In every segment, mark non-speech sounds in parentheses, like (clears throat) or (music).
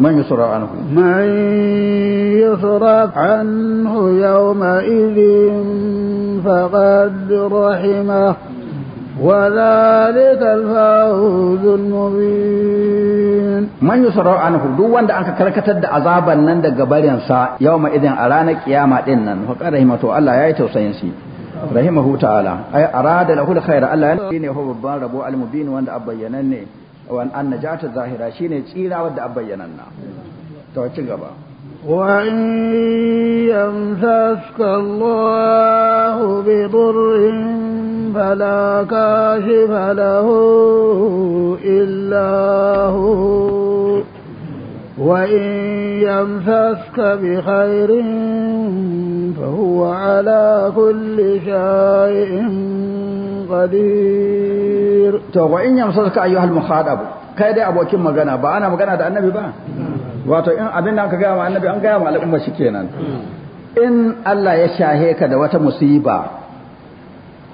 من يصرف عنه من يصرف عنه يومئذ فقد رحمه وذلك الفوز المبين من عنه duk wanda aka karkatar da azaban nan daga barinsa yawma idan a ranar kiyama din nan fa rahima to Allah yayi tausayin shi rahimahu ta'ala ay arada lahu alkhair Allah ne babban rabo almubin wanda abayyanan ne wani an najata zahira shine ne tsira wadda a bayyanan na ta wacce gaba wa'in Allahu bi durin fala kashi falahu illahu وإن يمسسك بخير فهو على كل شيء qadir to wa in yamsaka ayyuhal mukhadab kai dai abokin magana ba ana magana da annabi ba wato in abin da aka gaya ma annabi an gaya ma al'umma kenan in Allah ya shahe ka da wata musiba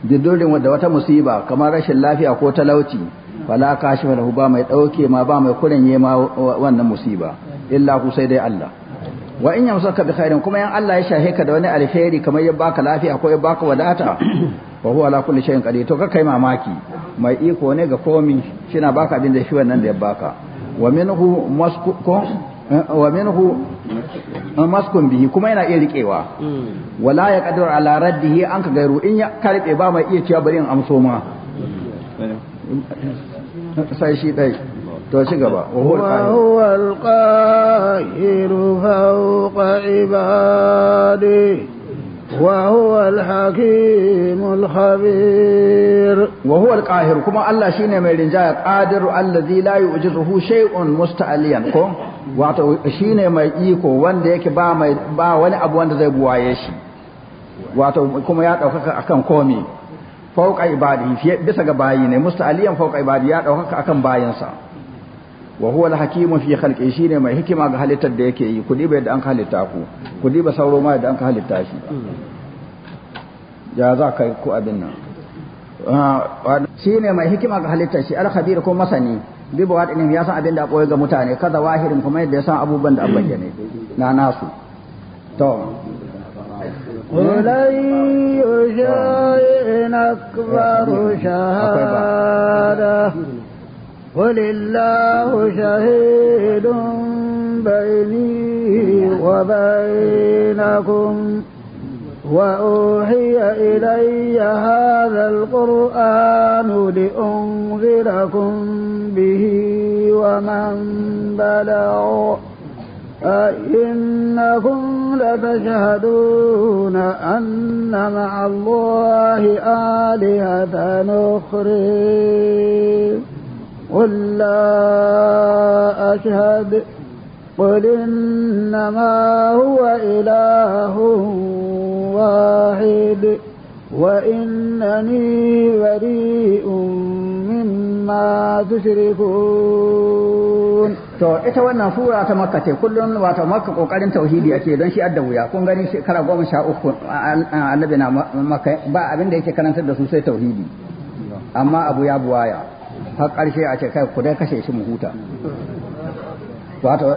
didurin da wata musiba kamar rashin lafiya ko talauci wala kashifa lahu ba mai dauke ma ba mai kuranye ma wannan musiba illa ku sai dai Allah wa in yamsaka bi khairin kuma yan Allah ya shahe ka da wani alheri kamar ya baka lafiya ko ya baka wadata wa (coughs) huwa ala kulli shay'in qadir to ka kai mamaki mai iko ne ga komi shina baka abin da shi wannan da ya baka wa minhu masku eh, wa minhu maskun bihi kuma yana iya riƙewa hmm. wala ya qadiru ala raddihi an ka gairu in ya karbe ba mai iya cewa bari in amso ma hmm. sai shi dai to ci gaba وهو القاهر فوق عباده وهو الحكيم الخبير وهو القاهر كما الله شيني mai rinjaya qadir allazi la yu'jizuhu shay'un musta'liyan ko wato shine mai iko wanda yake ba mai ba wani abu wanda zai buwaye shi wato kuma ya ɗaukaka akan komi fauqa ibadi bisa ga bayi ne musta'liyan fauqa ibadi ya ɗaukaka akan bayinsa wa huwa al-hakimu fi khalqi shine mai hikima ga halittar da yake yi kudi bai da an halitta ku kudi ba sauro ma da an halitta shi ya za ka ku abin nan shine mai hikima ga halittar shi al-khabir ko masani bi ba wadin ya san abin da koyi ga mutane kaza wahirin kuma yadda ya san abubuwan da an bayyane na nasu to ولن يشاء أكبر شهادة قل الله شهيد بيني وبينكم وأوحي إلي هذا القرآن لأنذركم به ومن بلغ أئنكم لتشهدون أن مع الله آلهة نخرج قل لا أشهد قل إنما هو إله واحد وإنني بريء مما تشركون to ita wannan sura ta makka ce kullum wato makka kokarin tauhidi ake don shi adda wuya kun gani shekara goma sha uku annabi na makka ba abin da yake karantar da su sai tauhidi amma abu ya buwaya har ƙarshe a ce kai ku kashe shi mu huta wato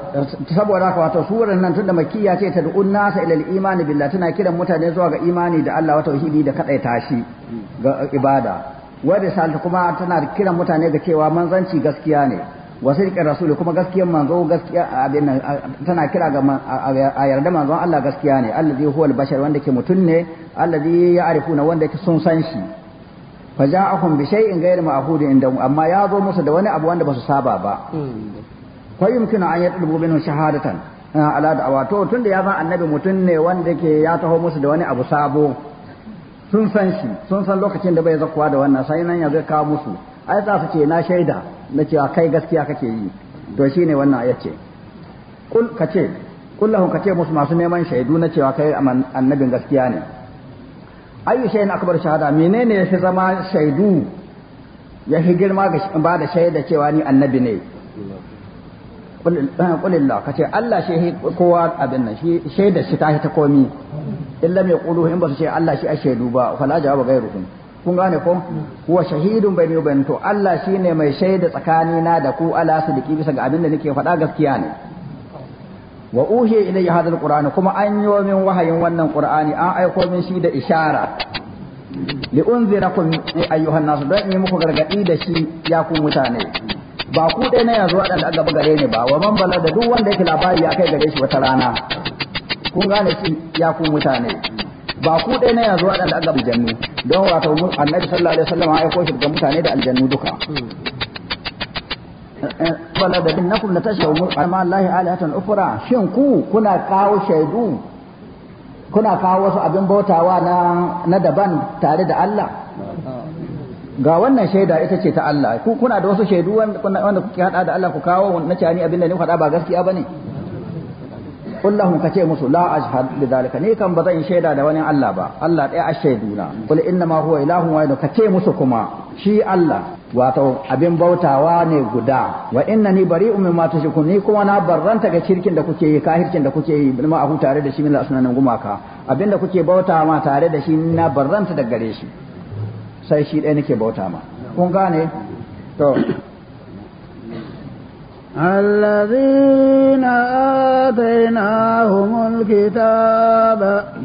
saboda haka wato surar nan tunda makiyya ce ta du'un nasa ilal imani billahi tana kiran mutane zuwa ga imani da Allah wa tauhidi da kadai tashi. ga ibada wa salta kuma tana kiran mutane ga cewa manzanci gaskiya ne wa sirqi rasuli kuma gaskiyan manzo gaskiya abin tana kira ga a yarda manzon Allah gaskiya ne allazi huwa al-bashar wanda ke mutum ne allazi ya'rifuna wanda ke sun san shi fa ja'akum bi shay'in ghayri ma'qud inda amma ya zo musu da wani abu wanda basu saba ba fa yumkinu an yatlubu minhu shahadatan ala da'awa to tunda ya zan annabi mutum ne wanda ke ya taho musu da wani abu sabo sun san shi sun san lokacin da bai zakuwa da wannan sai nan ya zai kawo musu ai za su ce na shaida na cewa kai gaskiya kake yi to shine wannan ayat ce kace kullahu kace musu masu neman shaidu na cewa kai annabin gaskiya ne ayu shay'in akbar shahada menene fi zama shaidu ya fi girma ga ba da shaida cewa ni annabi ne kulillah eh, kace Allah shi kowa abin nan shi shaida shi ta ta komi illa mai qulu in ba su ce Allah shi a shaidu ba fala jawaba gairukum kun gane ko huwa shahidun bayni wa bainakum to Allah shine mai shaida tsakanina da ku ala su da bisa ga abin da nake faɗa gaskiya ne wa uhiya ilayya hadal qur'ani kuma an yi min wahayin wannan qur'ani an aiko min shi da ishara li unzirakum eh, ayyuhan nas da yi muku gargadi da shi ya ku mutane ba ku dai na yanzu wadanda aka gaba gare ni ba wa man bala da duk wanda yake labari ya kai gare shi wata rana kun gane shi ya ku mutane ba ku dai na yanzu wadanda aka gaba jannu don wato annabi sallallahu alaihi wasallam ya aiko shi ga mutane da aljannu duka wala da nakum la tashhadu amma allahi alihatan ukhra shin ku kuna kawo shaidu kuna kawo wasu abin bautawa na na daban tare da Allah ga wannan shaida ita ce ta Allah ku kuna da wasu shaidu wanda kuke hada da Allah ku kawo na cani abin da ne faɗa ba gaskiya bane ne qul lahum kace musu la ashhadu bi zalika ni kan bazan shaida da wani Allah ba Allah ɗaya na kul inna ma huwa ilahun wahid kace musu kuma shi Allah wato abin bautawa ne guda wa inna ni bari'un mimma tushrikun ni kuma na barranta ga shirkin da kuke yi kahircin da kuke yi ma ahu tare da shi min asnanan gumaka abin da kuke bauta ma tare da shi na barranta daga gare shi sai shi ɗaya nake bauta ma kun gane to الذين آتيناهم الكتاب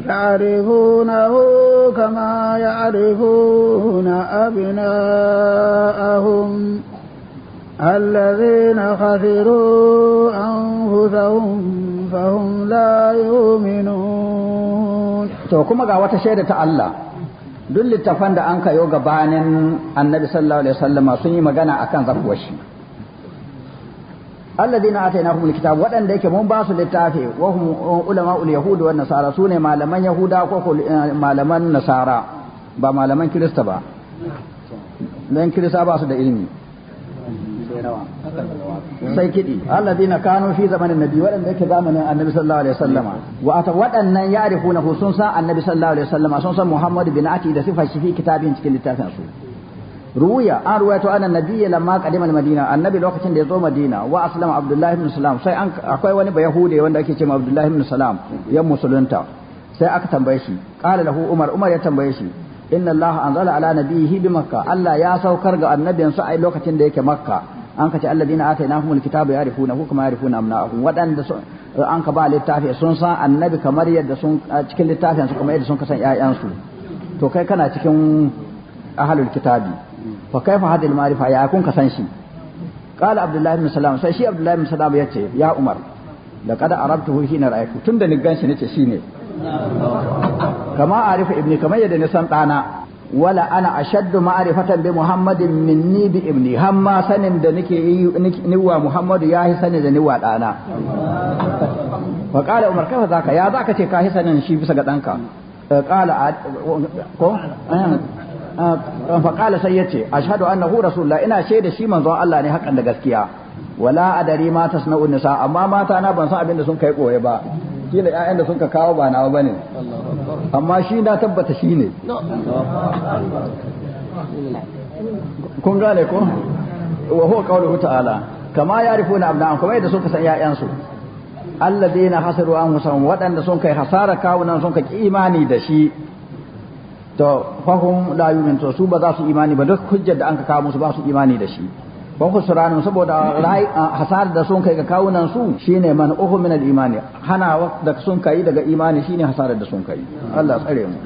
يعرفونه كما يعرفون أبناءهم الذين خسروا أنفسهم فهم لا يؤمنون to kuma ga wata shaida ta Allah duk littattafan da an kayo gabanin annabi sallallahu alaihi wasallama sun yi magana akan zakuwar shi alladhina atainahumul kitab waɗanda yake mun ba su littafi wa hum ulama'ul yahud wa nasara sune malaman yahuda ko eh, malaman nasara ba malaman kirista ba dan kirista ba su da ilimi sai kiɗi alladhina kanu fi zamanin nabi waɗanda yake zamanin annabi sallallahu alaihi wasallama wa ata waɗannan ya'rifuna sun san annabi sallallahu alaihi wasallama sun san muhammad bin ati da sifar shi fi kitabin cikin littafin su ruya an ruwaito anan nabiyyi lamma qadima madina annabi lokacin da ya zo madina wa aslama abdullahi ibn salam sai an akwai wani bayahude wanda ake cewa abdullahi ibn salam ya musulunta sai aka tambaye shi qala lahu umar umar ya tambaye shi inna allaha anzala ala nabiyhi bi makka allah ya saukar ga annabinsa a lokacin da yake makka an ka alladina atainahumul kitaba ya'rifunahu kama ya'rifuna abna'ahum wadanda an ka ba littafi sun san annabi kamar yadda sun cikin littafin su yadda sun kasan ƴaƴansu to kai kana cikin ahlul kitabi fa kaifa hadil ma'rifa ya kun kasan shi qala abdullahi ibn salam sai shi abdullahi ibn salam yace ya umar laqad arabtuhu hina ra'aytu tunda ni ganshi nace shine kama arifa ibni kamar yadda ni san dana wala ana ashaddu ma'rifatan bi muhammadin minni bi ibni hamma sanin da nake yi ni wa muhammadu yahi sanin da ni wa dana fa qala umar kaifa zaka ya zaka ce ka hi sanin shi bisa ga danka faƙala sai ya ce ashhadu annahu rasulullah ina shaida shi manzo Allah ne hakan da gaskiya wala adari ma tasna'un sa amma mata na ban san abin da sun kai koye ba kila ƴaƴan da sun ka kawo ba nawa bane amma shi na tabbata shi ne kun gane ko wa huwa qawluhu ta'ala kama yarifuna abna'an kuma yadda suka san ƴaƴansu alladheena hasaru anfusahum waɗanda sun kai hasara kawunan sun ka imani da shi to fahum la yu'min to su ba za su imani ba duk hujjar da anka kawo musu ba su imani da shi ba ku surani saboda hasar da sun kai ga kawunan su shine man uhu min al-imani hana da sun kai daga imani shine hasarar da sun kai Allah tsare mu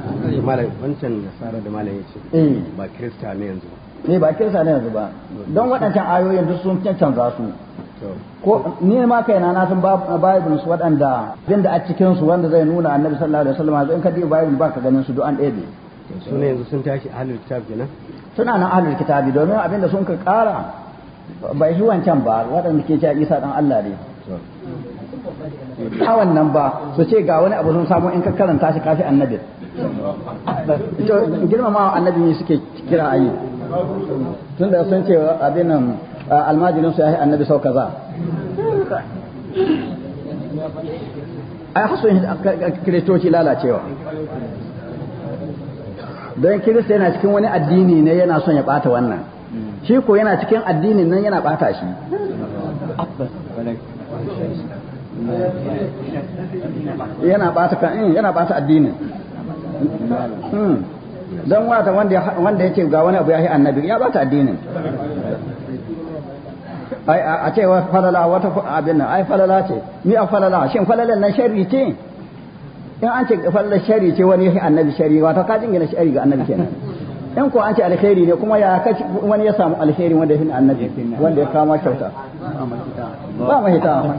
malam wancan hasarar da malam yace eh. ba krista ne yanzu ne ba krista ne yanzu ba don waɗancan ayoyin duk sun canza su ko ni ma kaina na san bible su waɗanda din da a cikin su wanda zai nuna annabi sallallahu alaihi wasallam in ka bible ba ka ganin su duk an ɗaya suna yanzu sun tashi ahlul kitab kenan suna nan ahlul kitabi domin abinda sun ka kara bai shi wancan ba waɗanda ke cewa Isa dan Allah ne a wannan ba su ce ga wani abu sun samu in ka karanta shi kafi annabi ma annabi ne suke kira ayi tun da sun ce abin nan almajirin su ya yi annabi sau kaza ai hasu kiristoci lalacewa don kirista yana cikin wani addini ne yana son ya bata wannan shi ko yana cikin addinin nan yana bata shi yana bata kan eh, yana bata addinin hmm. don wata wanda ya ce ga wani abu ya yi annabi ya bata addinin a ce falala wata abin nan ai falala ce ni a falala shin falalan nan sharri ce in an ce fallar shari ce wani yake annabi shari wato ka jingina shari ga annabi kenan in ko an ce alheri ne kuma ya kaci wani ya samu alheri wanda fi annabi wanda ya kama kyauta ba ma hita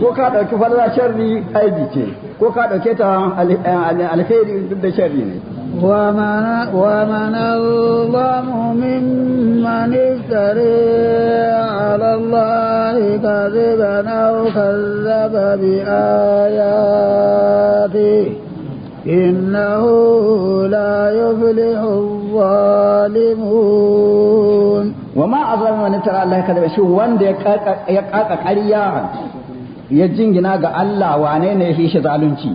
ko ka dauki fallar shari aibi ce ko ka dauke ta eh, alheri duk da shari ne ومن, ومن الظلم ممن افتري على الله كذبا أو كذب بآياته إنه لا يفلح الظالمون وما أظلم من ترى الله كذبا شو وان يقاك قريا يجنجنا قال الله وانين في شظالمتي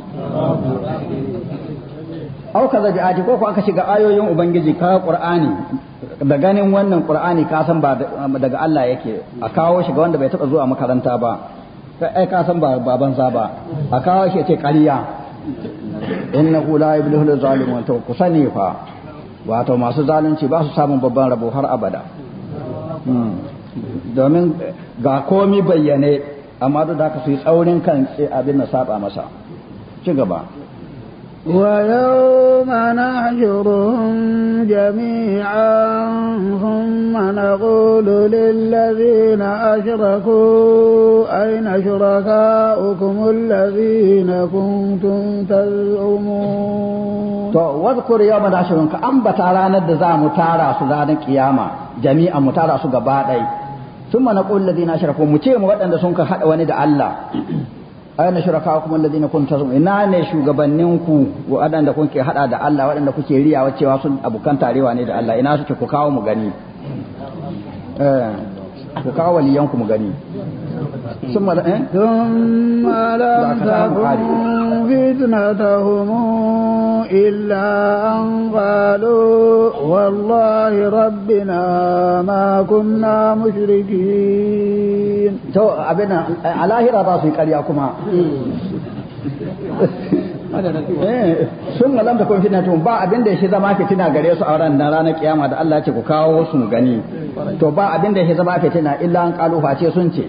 au ka bi aji ko ko aka shiga ayoyin ubangiji ka qur'ani da ganin wannan qur'ani ka san ba daga Allah yake a kawo shi ga wanda bai taba zuwa makaranta ba ai ka san ba baban sa ba a kawo shi ce Inna innahu la yublihul zalimun to ku sani fa wato masu zalunci ba su samun babban rabo har abada hmm. domin ga komi bayyane amma duk da ka su yi tsaurin kan abin na saba masa ci gaba ويوم نحشرهم جميعا ثم نقول للذين أشركوا أين شركاؤكم الذين كنتم تزعمون to واذكر يوم نحشرهم كأنبت ranar da za mu tara su ranar kiyama jami'an mu tara su gaba ɗaya ثم نقول الذين أشركوا mu ce mu waɗanda sun ka haɗa wani da Allah aina zina kunta kuntum ina ne shugabannin shugabanninku waɗanda kuke haɗa da Allah waɗanda kuke riyawa cewa sun abukan tarewa ne da Allah ina suke ku kawo mu gani eh, ku kawo waliyanku mu gani ثم لا ثم لم تكن فتنتهم إلا أن قالوا والله ربنا ما كنا مشركين تو أبنا على هي باسي قال يا كما sun malam da kun tun ba abin da ya shi zama fitina gare su a ran ranar kiyama da Allah ce ku kawo su mu gani to ba abin da ya shi zama fitina illa an sun ce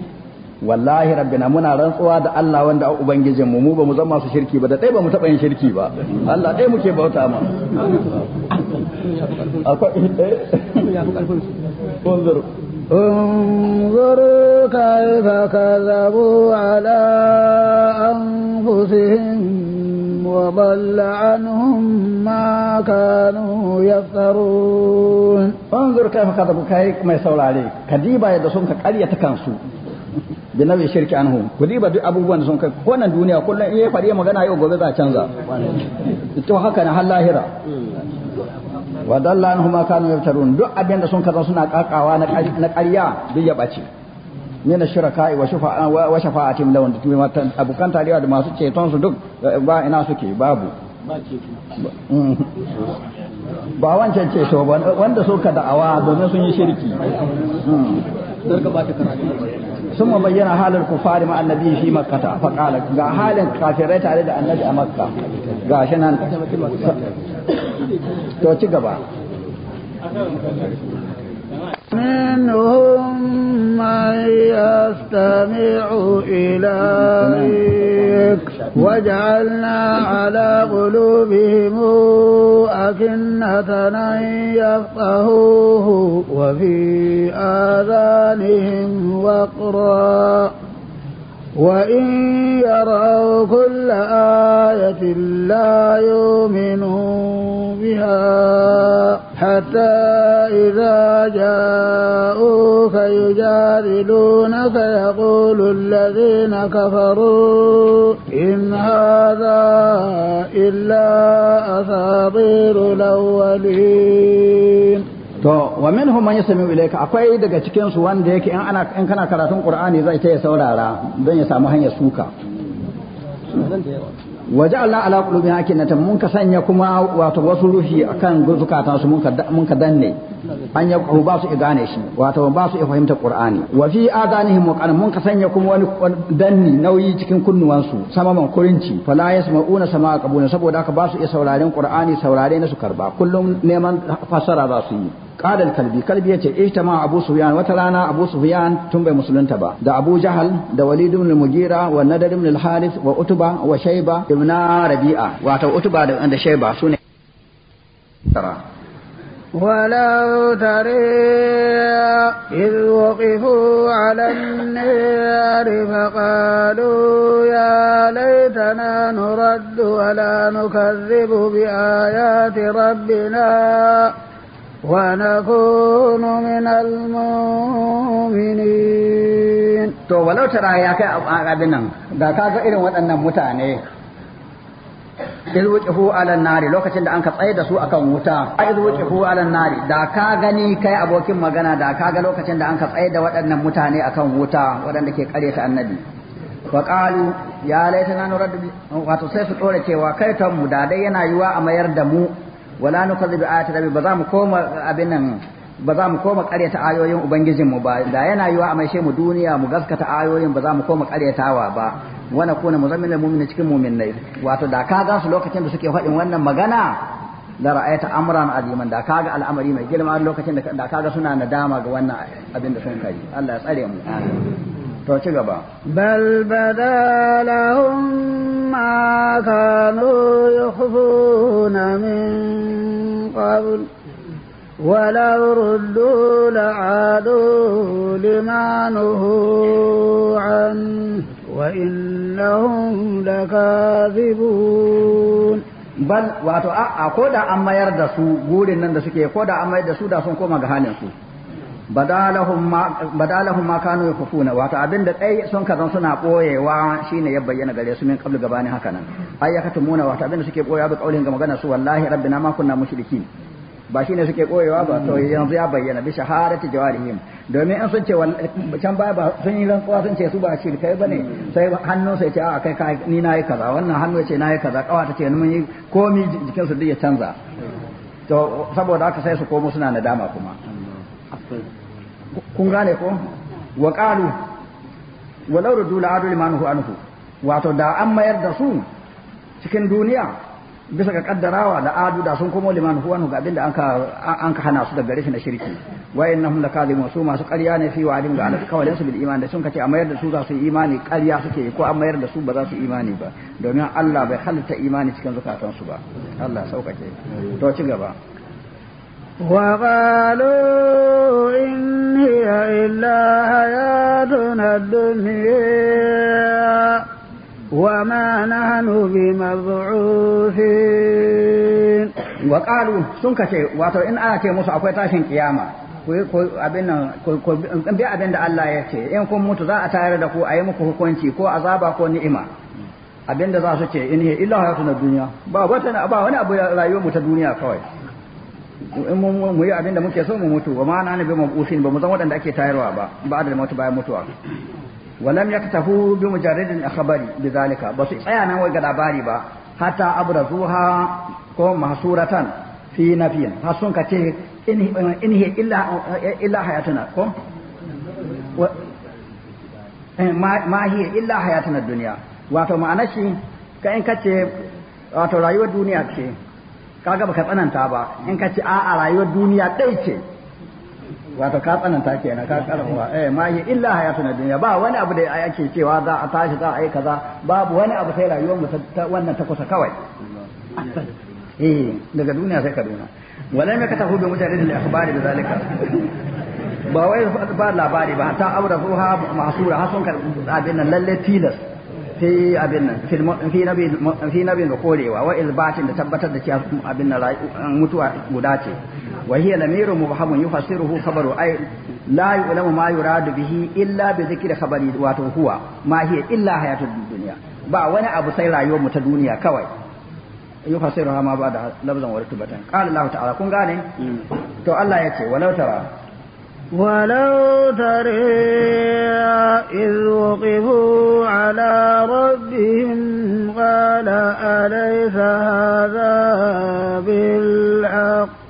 wallahi rabbina muna rantsuwa da Allah wanda ubangijin mu mu ba mu zama masu shirki ba da dai ba mu taba yin shirki ba Allah dai muke bauta ma eh? unzur انظر كيف كذبوا على أنفسهم وضل عنهم ما كانوا يفترون انظر كيف كذبوا كيف ما يسول عليك كذيبا يدسون كقرية كانسو bi nawi shirki anhu ku diba duk abubuwan da sun kai ko nan duniya kullum in ya faɗi magana yau gobe za a canza ita haka na har lahira wa dalla anhu ma kanu yaftarun duk abin da sun kaza suna kakawa na ƙarya duk ya bace min shiraka'i wa shafa'a wa shafa'atim lawan da tumi matan abukan taliya da masu ceton su duk ba ina suke babu ba mm. wancan ceto ba wanda suka da'awa domin sun yi shirki mm. sun ma bayyana halin kufari ma annabi fi makkata fa qala ga halin kafirai tare da annabi a makka ga shi nan to ci gaba منهم من يستمع إليك واجعلنا على قلوبهم أكنة أن يفقهوه وفي آذانهم وقرا وإن يروا كل آية لا يؤمنون بها حتى إذا جاءوك يجادلونك يقول الذين كفروا إن هذا إلا أساطير الأولين to wa minhum man yasmi ilayka akwai daga cikin su wanda yake in ana in kana karatun qur'ani zai ta ya saurara don ya samu hanyar suka waje Allah ala kulubi ake mun ka sanya kuma wato wasu rufi akan kan su mun ka danne an ya ba su i gane shi wato ba su iya fahimta qur'ani wa fi adanihim waqan mun ka sanya kuma wani danni nauyi cikin kunnuwansu man kurinci fala yasma'una sama'a qabuna saboda haka ba su iya sauraren qur'ani saurare na su karba kullum neman fasara za su yi قال الكلبي كلبي يتي اجتمع ابو سفيان وترانا ابو سفيان تنبي مسلم تبا دا ابو جهل دا وليد بن المغيرة والندر بن الحارث وعتبة وشيبة ابن ربيعة واتو عتبة دا شيبة سنة ترى ولو ترى إذ وقفوا على النار فقالوا يا ليتنا نرد ولا نكذب بآيات ربنا ونكون من المؤمنين to walau tara ya kai abin nan da kaga irin waɗannan mutane idh wuqifu ala nari lokacin da anka tsaye da su akan wuta idh wuqifu ala nari da ka gani kai abokin magana da ka ga lokacin da anka tsaye da waɗannan mutane akan wuta waɗanda ke kare ta annabi fa qalu ya laitana nurad wato sai su dore cewa kai tan mu da dai yana yiwa a mayar da mu wala nukadhibu ayati rabbi ba za mu koma abin nan ba za mu koma karyata ayoyin ubangijinmu ba da yana yiwa a maishe mu duniya mu gaskata ayoyin ba za mu koma karyatawa ba wana kuna muzammin da mu'mini cikin mu'minai wato da ka ga su lokacin da suke faɗin wannan magana da ra'ayata amran aziman da kaga al'amari mai girma lokacin da kaga suna nadama ga wannan abin da sun kai Allah ya tsare mu to ci gaba bal badalahum ma kanu yukhfuna min qabl ولو ردوا لعادوا لما نهوا عنه وإنهم لكاذبون bal wato a ko da an mayar da su gurin nan da suke ko da an mayar da su da sun koma ga halin su badalahum ma kanu yakufuna wato abin da dai sun kazan suna boyewa shine ya bayyana gare su min qablu gabanin haka nan ay yakatumuna wato abin da suke boya bi kaulin ga magana su wallahi rabbina ma kunna mushrikin ba shine suke koyewa ba to yanzu ya bayyana bi shahadati jawarihim domin in sun ce can baya ba sun yi rantsuwa sun ce su ba kai bane sai hannu sai ce a kai kai ni nayi kaza wannan hannu ce nayi kaza kawa ta ce mun yi komi jikin su duk ya canza to saboda haka sai su komo suna nadama kuma kun gane ko wa qalu walau radu la adu liman anhu wato da an mayar da su cikin duniya bisa ga kaddarawa da adu da sun komo liman huwan ga abinda anka anka hana su daga rashin shirki wa innahum lakazimun su masu ƙarya ne fi wa'adin ga Allah kawalin su bil iman da sun kace a mayar da su za su yi imani ƙarya suke ko an mayar da su ba za su yi imani ba domin Allah bai halitta imani cikin zakatan su ba Allah saukake to ci gaba وقالوا إن هي إلا حياتنا الدنيا وما نحن بمبعوثين وقالوا سنكتي واتو إن آتي موسى أكوي تاشن قيامة abin nan bi abin da Allah ya ce in kun mutu za a tayar da ku a yi muku hukunci ko azaba ko ni'ima abin da za su ce in hiya illa hayatu na duniya ba wata ba wani abu rayuwar mu ta duniya kawai in mun mu yi abin da muke so mu mutu wa ma na nabi mabusin ba mu zan waɗanda ake tayarwa ba ba da mutu bayan mutuwa ولم يكتفوا بمجرد الخبر بذلك بس ايانا وي labari ba hatta abrazuha ko mahsuratan fi nafiyin har sun kace in hiya illa illa hayatuna ko eh, ma hiya illa hayatuna dunya wato ma'ana shi ka in wato rayuwar duniya ce kaga baka tsananta ba in kace a a rayuwar duniya dai ce wato ka tsananta kenan ka karawa eh ma yi illa hayatuna dunya ba wani abu da ake cewa za a tashi za a yi kaza babu wani abu sai rayuwar mu ta wannan ta kusa kawai eh daga duniya sai ka kaduna walam yakatahu bi mujarrid al akhbari da zalika ba wai ba labari ba ta aura ruha masura hasun kar abin nan lalle tilas sai abin nan fi nabi fi nabi da korewa wa ilbatin da tabbatar da cewa abin nan mutuwa guda ce وهي لمير مبهم يفسره خبر أي لا يعلم ما يراد به إلا بذكر خبر واتو هو ما هي إلا حياة الدنيا با وانا أبو سيلا يوم تدوني كوي يفسرها ما بعد لفظا ورتبة قال الله تعالى كن غاني تو الله يتي ولو ترى ولو ترى إذ وقفوا على ربهم قال أليس هذا بالحق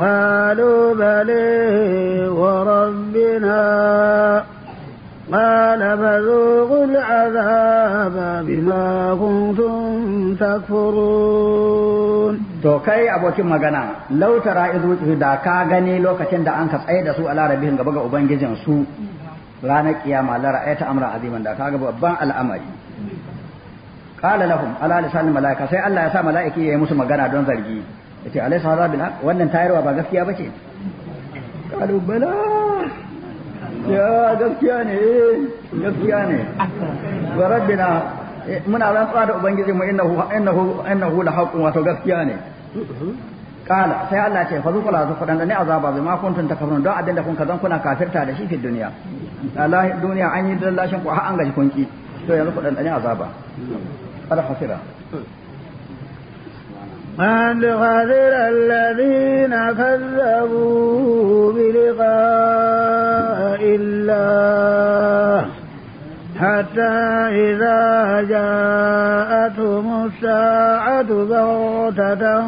قالوا بلي وربنا قال فذوقوا العذاب بما كنتم تكفرون to kai abokin magana lautara izu da ka gani lokacin da an ka tsaye da su a larabihin gaba ga ubangijin su ranar kiyama la ra'ayta amra aziman da kaga babban al'amari qala lahum ala lisan malaika sai Allah ya sa malaiki yayi musu magana don zargi yace alaysa hadha zabil haq wannan tayarwa ba gaskiya bace kalu bala ya gaskiya ne gaskiya ne wa rabbina eh, muna rantsuwa da ubangiji mu innahu innahu innahu la haqqun wato gaskiya ne kala sai Allah ce fa zuqala zu fadan ne azaba bi ma kuntun takfurun don abinda kun kazan kuna kafirta da shi fi duniya Allah duniya an yi dallashin ku har an gaji kunki to yanzu fadan ne azaba kada hasira قد خسر الذين كذبوا بلقاء الله حتى إذا جاءتهم الساعة بغتة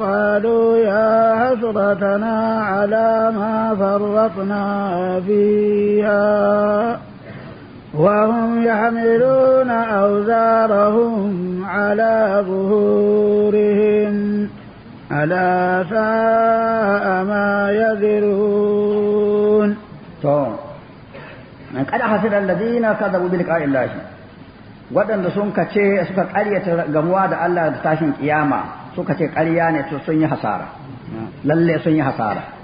قالوا يا حسرتنا على ما فرطنا فيها وهم يحملون أوزارهم على ظهورهم ألا ساء ما يذرون قد حسر الذين كذبوا بلقاء الله waɗanda sun kace suka ƙaryata gamuwa da Allah da tashin kiyama suka ce ƙarya ne to sun yi hasara sun yi hasara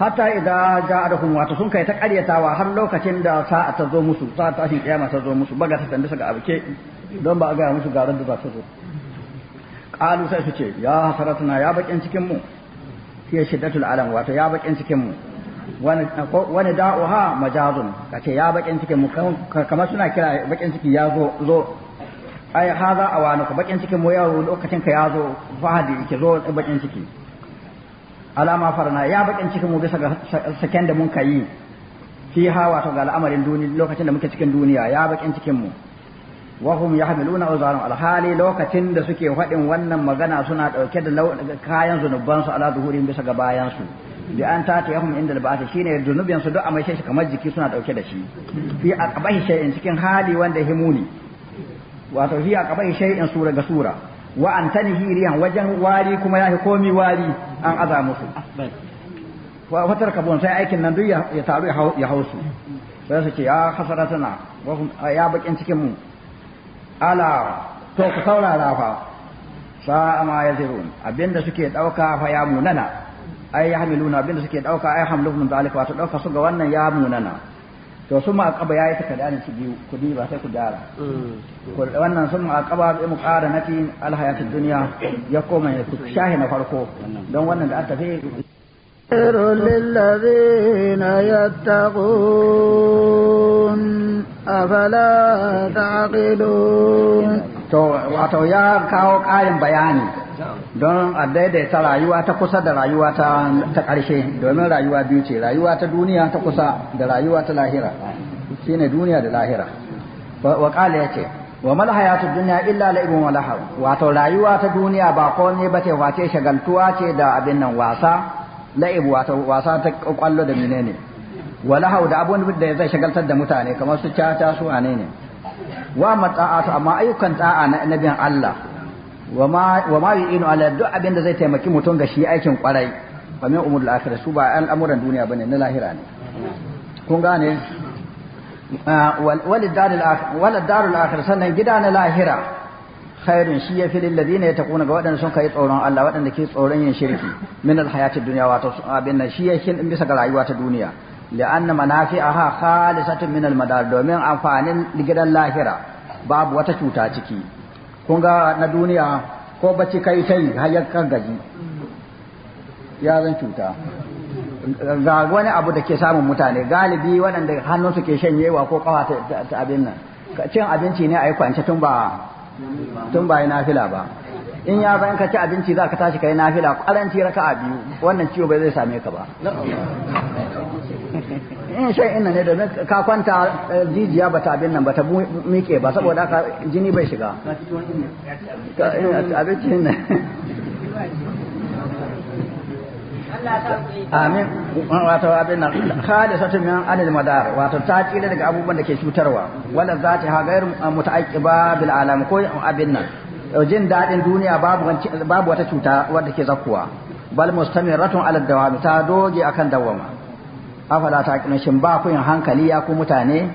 hatta idza ja'adakum wa sun kai ta ƙaryatawa har lokacin da sa'a ta zo musu sa'a ta shin kiyama ta zo musu baga ta su ga abuke don ba a ga musu garan da za ta zo qalu sai su ce ya hasaratuna ya bakin cikin mu hiya shiddatul alam wato ya bakin cikin mu wani da'uha majazun kace ya bakin cikin mu kamar suna kira bakin ciki ya zo zo ai haza awanu bakin cikin mu ya lokacin ka ya zo fahadi ke zo bakin ciki alama farna ya bakin cikin mu bisa ga saken da mun kai fi hawa to ga al'amarin duniya lokacin da muke cikin duniya ya bakin cikin mu wa hum yahmiluna alhali lokacin da suke haɗin wannan magana suna ɗauke da kayan zunuban su ala duhurin bisa ga bayan su bi an ta ta yahum inda ba'ata shine zunubin su duk a shi kamar jiki suna ɗauke da shi fi aqbahi shay'in cikin hali wanda himuni wato fi aqbahi shay'in sura ga sura wa antanihi riyan wajen wari kuma yahi komi wari an aza musu wa kabon sai aikin nan duk ya taru ya hausu sai su ce ya hasara tana ya bakin cikin mu ala to ku saurara fa sa ma ya yazirun abinda suke dauka fa ya munana ai ya hamiluna abinda suke dauka ai hamluhum zalika wato dauka su ga wannan ya munana to sun ya yayi ta kadani su biyu ku ba sai ku gyara mm. wannan sun kara bi muqaranati alhayatu dunya ya koma ya shahi na farko don wannan da aka fi خير للذين يتقون أفلا تعقلون to wato ya kawo ƙarin bayani don a daidaita rayuwa ta kusa da rayuwa ta ƙarshe domin rayuwa biyu ce rayuwa ta duniya ta kusa da rayuwa ta lahira shine duniya da lahira wa qala yace wa mal hayatu dunya illa la'ibun wa lahaw wato rayuwa ta duniya ba ko ne ce wace shagaltuwa ce da abin nan wasa la'ib wato wasa ta kwallo da menene wa lahaw da abun da zai shagaltar da mutane kamar su caca su anene wa mata'atu amma ayyukan ta'a na nabin Allah wa ma yu'inu ala duk abin da zai taimaki mutum ga shi aikin kwarai wa min umurul akhirah su ba al'amuran duniya bane na lahira ne kun gane ah, wal darul akhirah wal darul sannan gida na lahira khairun shi yafi lil ladina yattaquna ga waɗanda sun kai tsoron Allah waɗanda ke tsoron yin shirki min al hayatid dunya abin nan shi yake bisa ga rayuwa ta duniya li'anna manafi'aha khalisatun min domin amfanin gidan lahira babu wata cuta ciki kun ga na duniya ko bacci kai ta yi har kan gaji ya zan cuta ga wani abu da ke samun mutane galibi waɗanda hannunsu ke shanyewa ko kawa ta abin nan cin abinci ne a yi kwance tun ba tun ba yi nafila ba in ya bayan ka ci abinci za ka tashi ka yi nafila ƙaranci raka a biyu wannan ciwo bai zai same ka ba in shan inna ne domin ka kwanta eh, jijiya ba ta abin nan ba ta miƙe ba saboda haka jini bai shiga eh, abincin ne amin wato abin nan khalisatu min adad madar wato ta tsira daga abubuwan da ke cutarwa wala za ta ha gairu eh, muta'aqiba bil alam ko abin nan jin dadin duniya babu babu wata cuta wadda ke zakkuwa bal mustamiratun ala dawami ta doge akan dawama afala ta kina shin ba ku yin hankali ya ku mutane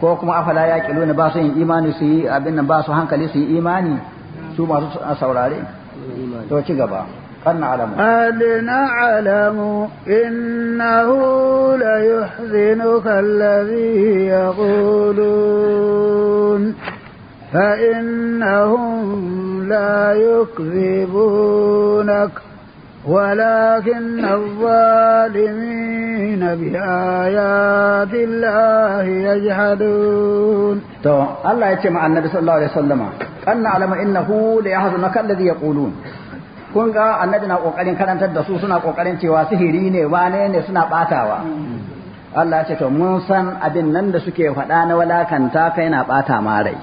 ko kuma afala ya kilo ne ba su yin imani su yi abin nan ba su hankali su yi imani su masu saurare to ci gaba قد نعلم قد نعلم إنه ليحزنك الذي يقولون فإنهم لا يكذبونك ولكن الظالمين بآيات الله يجحدون تو الله يتمع النبي صلى الله عليه وسلم أن نعلم إنه ليحزنك الذي يقولون kun ga annabi na kokarin karantar da su suna kokarin cewa sihiri ne wane ne suna batawa Allah ya ce to mun san abin nan da suke faɗa na walakanta kai na bata ma rai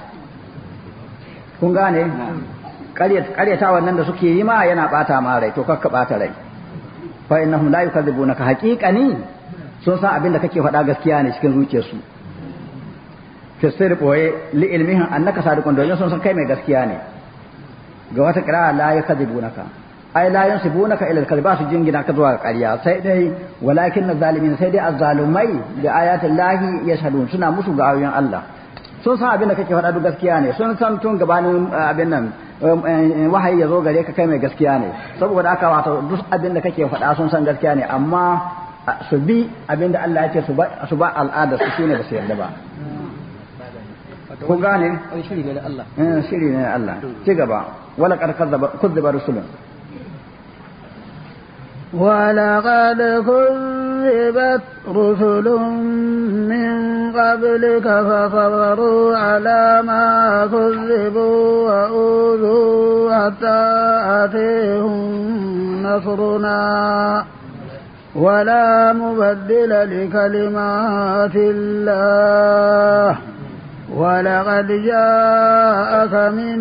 kun gane karyata wannan da suke yi ma yana bata ma rai to kakka bata rai fa innahum la yukadzibunaka haqiqani sun san abin da kake faɗa gaskiya ne cikin zuciyarsu fisir boye li ilmihin annaka sadiqun don sun san kai mai gaskiya ne ga wata qira'a la yukadzibunaka ai la yansibunaka ila al su jingina ka zuwa ƙarya sai dai walakin na zalimin sai dai a zalumai bi ayatin lahi yashhadun suna musu ga ayoyin Allah sun san abin da kake faɗa duk gaskiya ne sun san tun gabanin abin nan Um, eh, eh, wahayi ya zo gare ka kai mai gaskiya ne saboda haka wato duk abin da kake faɗa sun san gaskiya ne amma su bi abin da Allah ya ce su ba al'ada su shine ba su yarda ba ku gane shiri ne Allah eh, shiri ne Allah ci gaba wala karkar ba rusulun ولقد كنت كذبت رسل من قبلك فصبروا على ما كذبوا وأوذوا حتى أتيهم نصرنا ولا مبدل لكلمات الله ولقد جاءك من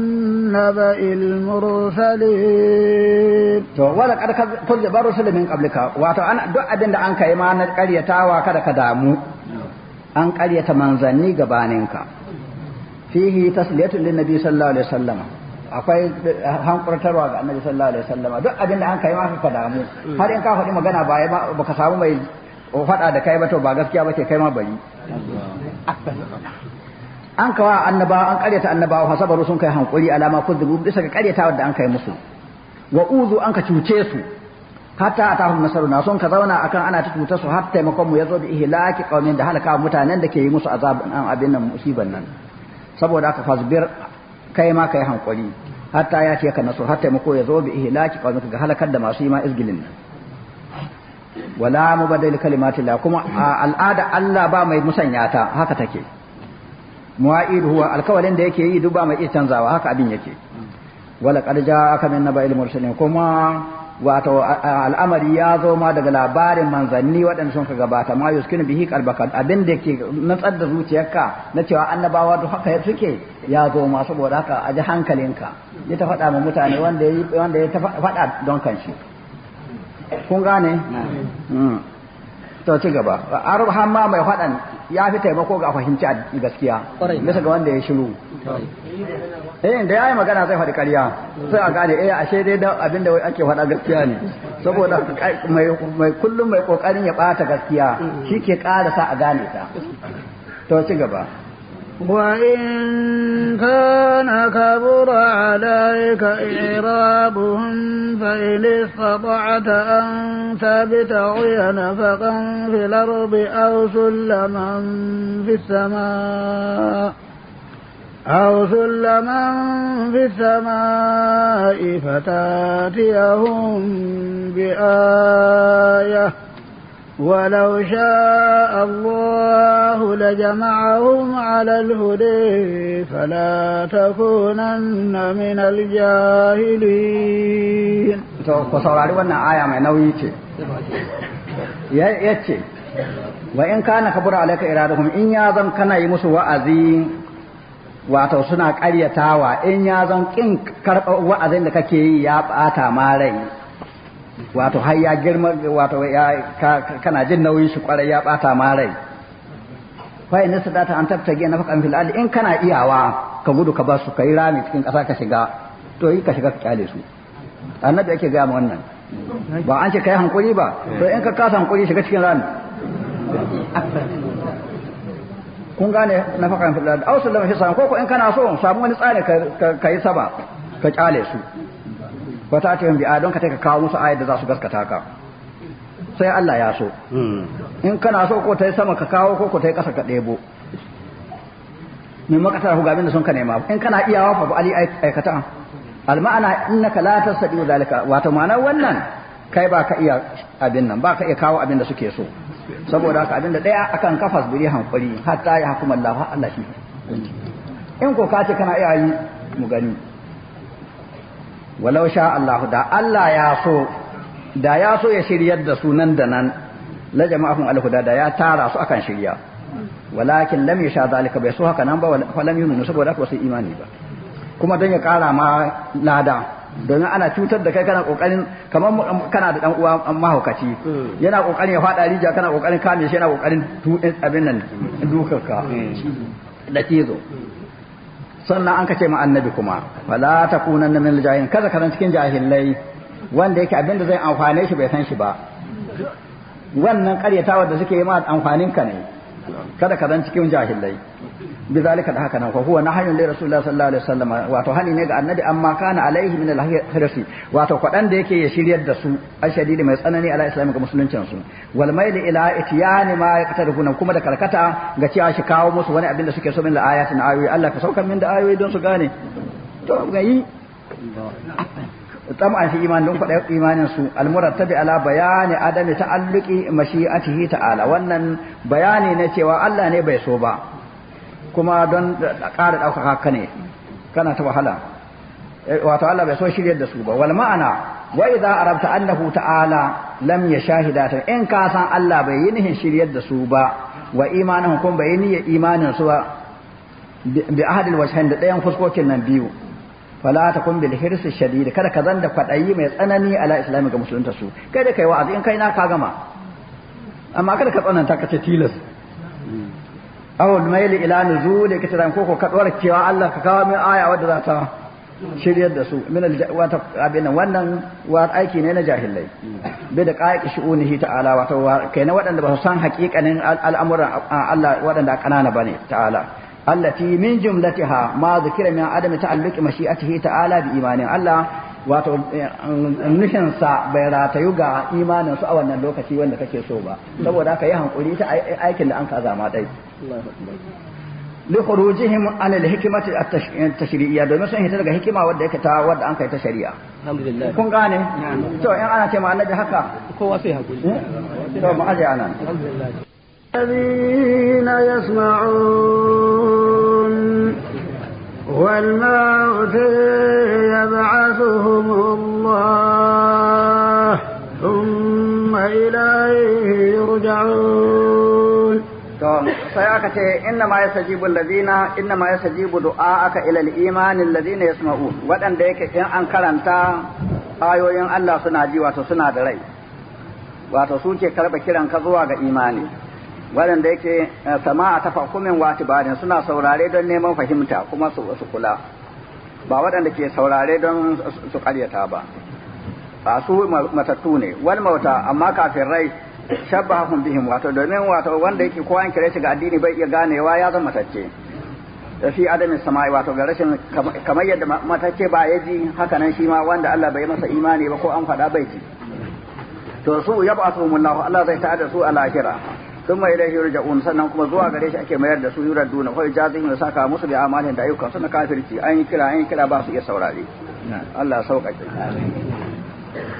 نبأ المرسلين تو wala kad ka to من قبلك واتو انا دو an duk abin da an kai ma na ƙaryatawa ان ka منزني an فيه manzanni للنبي صلى الله عليه وسلم sallallahu alaihi wasallam akwai hankurtarwa ga annabi sallallahu alaihi wasallam duk abin da an kai ma ka damu har in ka faɗi magana ba ba baka samu mai faɗa da kai ba to ba gaskiya ba ke kai ma bari an kawa annabawa an karyata annabawa fa sabaru sun kai hankuri alama kuzubu bisa ga karyatawar da an kai musu wa uzu an ka cuce su hatta ta nasaru na sun ka zauna akan ana ta cuta su har taimakon mu yazo bi ihlaki qaumin da halaka mutanen da ke yi musu azabin an abin nan musiban nan saboda aka fasbir kai ma kai hankuri hatta ya ce ka nasu har taimako yazo bi ihlaki qaumin ga halakar da masu yi ma izgilin nan wala mubaddal kalimatillah kuma al'ada Allah ba mai musanya ta haka take mu'aid huwa alkawalin da yake yi duk ba mai iya canzawa haka abin yake wala qad ja'aka min naba'il mursalin kuma wato al'amari ya zo ma daga labarin manzanni waɗanda sun ka gabata ma yuskinu bihi qalbaka abin da ke natsar da zuciyarka na cewa annabawa duk haka suke ya zo ma saboda haka a ji hankalinka ya ta faɗa ma mutane wanda ya wanda ya ta faɗa don kanshi kun gane mm. to ci gaba ma mai faɗan ya fi taimako ga fahimci a gaskiya bisa ga wanda ya shiru eh da yi magana zai faɗi karya. sai a gane eh ashe dai da abin da ake faɗa gaskiya ne saboda mai kullum mai kokarin ya bata gaskiya shi ke ƙara sa a gane ta to ci gaba وإن كان كبر عليك إعرابهم فإن استطعت أن تبتغي نفقا في الأرض أو سلما في السماء أو سلما في السماء فتاتيهم بآية ولو شاء الله لجمعهم على الهدى فلا تكونن من الجاهلين ku saurari wannan aya mai nauyi ce ya ce wa in kana kabura alaika iraduhum in ya zan kana yi musu wa'azi wato suna ƙaryatawa in ya zan kin karɓar wa'azin da kake yi ya ɓata ma rai wato har ya girma wato ya kana jin nauyin shi kwarai ya bata ma rai fa inna sadata an tabtage na fakan fil in kana iyawa ka gudu ka basu kai rami cikin kasa ka shiga to yi ka shiga ka kyale su annabi yake ga mu wannan ba an ce kai hankuri ba to in ka kasa hankuri shiga cikin rami kun gane na fakan fil ardi aw sallama shi ko ko in kana so samu wani tsari ka yi saba ka kyale su wata ta yin bi'a don ka ka kawo musu ayar da za su gaskata ka sai Allah ya so hmm. in kana so ko ta yi sama ka kawo ko ko ta yi ƙasa ka ɗebo mai makasar hu gamin da sun ka nema in kana iyawa ba ali aikata alma'ana innaka la wa zalika wato ma'ana wannan kai ba ka iya abin nan ba ka iya kawo abin da suke so saboda haka abin da daya akan kafas biri hankuri hatta ya hukuma Allah Allah shi in ko ka ce kana iya yi mu gani walau sha Allah da Allah ya so da ya so ya shiryar da sunan da nan la jama'ahum alhuda da ya tara su akan shirya walakin lam yasha zalika bai so haka nan ba fa lam yuminu saboda haka sai imani ba kuma don ya kara ma lada domin ana cutar da kai kana kokarin kamar kana da dan uwa mahaukaci yana kokarin ya fada rija kana kokarin kame shi yana kokarin abin nan dukarka da tizo sannan an kace ma annabi kuma wala takunanna min aljahilin kaza kaza cikin jahilai wanda yake abinda zai amfane shi bai san shi ba wannan karyatawa da suke yi ma amfanin ka ne kada kaza cikin jahilai bizalika da haka nan ko huwa nahyun li rasulillah sallallahu alaihi wasallam wato hani ne ga annabi amma kana alaihi min al-hirsi wato kwadan da yake ya shiryar da su ashadidi mai tsanani ala islami ga musuluncin su wal mail ila itiyani ma yaqtarifuna kuma da karkata ga cewa shi kawo musu wani abin da suke so min al-ayatin ayoyi Allah ka saukar min da ayoyi don su gane to ga yi طبعا في إيمان دون قد إيمان سوء المرتب على بيان عدم تعلق مشيئته ne وأن بيان نتوى kuma don ƙara ɗaukaka ka ne kana ta wahala eh, wato Allah bai so shirya da su ba wal ma'ana wa idza arabta annahu ta'ala lam yashahida ta in ka san Allah bai yi nihin shirya da su ba wa imanin kun bai yi imanin su ba bi ahadil wajhain da ɗayan fuskokin nan biyu fala ta kun bil hirsi shadid kada ka zanda kwadayi mai tsanani ala islami ga musulunta su kai da kai wa'azi in kai na ka gama amma kada ka tsananta ka ce tilas aw al-mail ila nuzul kitran koko ka cewa Allah ka kawo min aya wadda za ta shiryar da su min wata abin wannan wa aiki ne na jahilai bai da qaiki shu'unihi ta'ala wato kai na waɗanda ba su san haƙiƙanin al'amuran Allah waɗanda kanana bane ta'ala allati min ha ma zikira min adami ta'alluqi mashi'atihi ta'ala bi imanin Allah wato eh, nufinsa bai ratayu ga imanin su a wannan lokaci wanda kake so ba saboda ka yi hankuri ta aikin da an ka zama dai li khurujihim ala al hikmati at domin sun hita daga hikima wanda yake ta wanda an kai ta shari'a alhamdulillah kun gane to in ana ce ma annabi haka kowa sai hakuri eh? to mu aje anan alhamdulillah الذين يسمعون والموت يبعثهم الله ثم إليه يرجعون سيأك إنما يستجيب الذين إنما يستجيب دعاءك إلى الإيمان الذين يسمعون وأن ديك إن أنكرنتا آيوين الله سنعجي وتسنع دري وتسوكي كرب كيران كذوا إيماني waɗanda yake eh, sama a tafakumin wati barin suna saurare don neman fahimta kuma su kula ba waɗanda ke saurare don su ƙaryata ba ba su matattu ne wani mauta amma kafin rai hakun bihin wato domin wato wanda yake kowa kire shi ga addini bai iya ganewa ya zama matacce fi adamin sama'i wato ga rashin kamar yadda matacce ba ya ji haka nan shi ma wanda Allah bai masa imani ba ko an faɗa bai ji to su yab'athuhumullahu Allah zai ta'ada su a lahira ثم إليه يرجعون سنن كما زوا غريش أكي mayar da su yuraduna wa jazihim da saka musu bi amalin da ayyukan suna kafirci an kira an yi kira ba su iya saurare Allah sauƙaƙe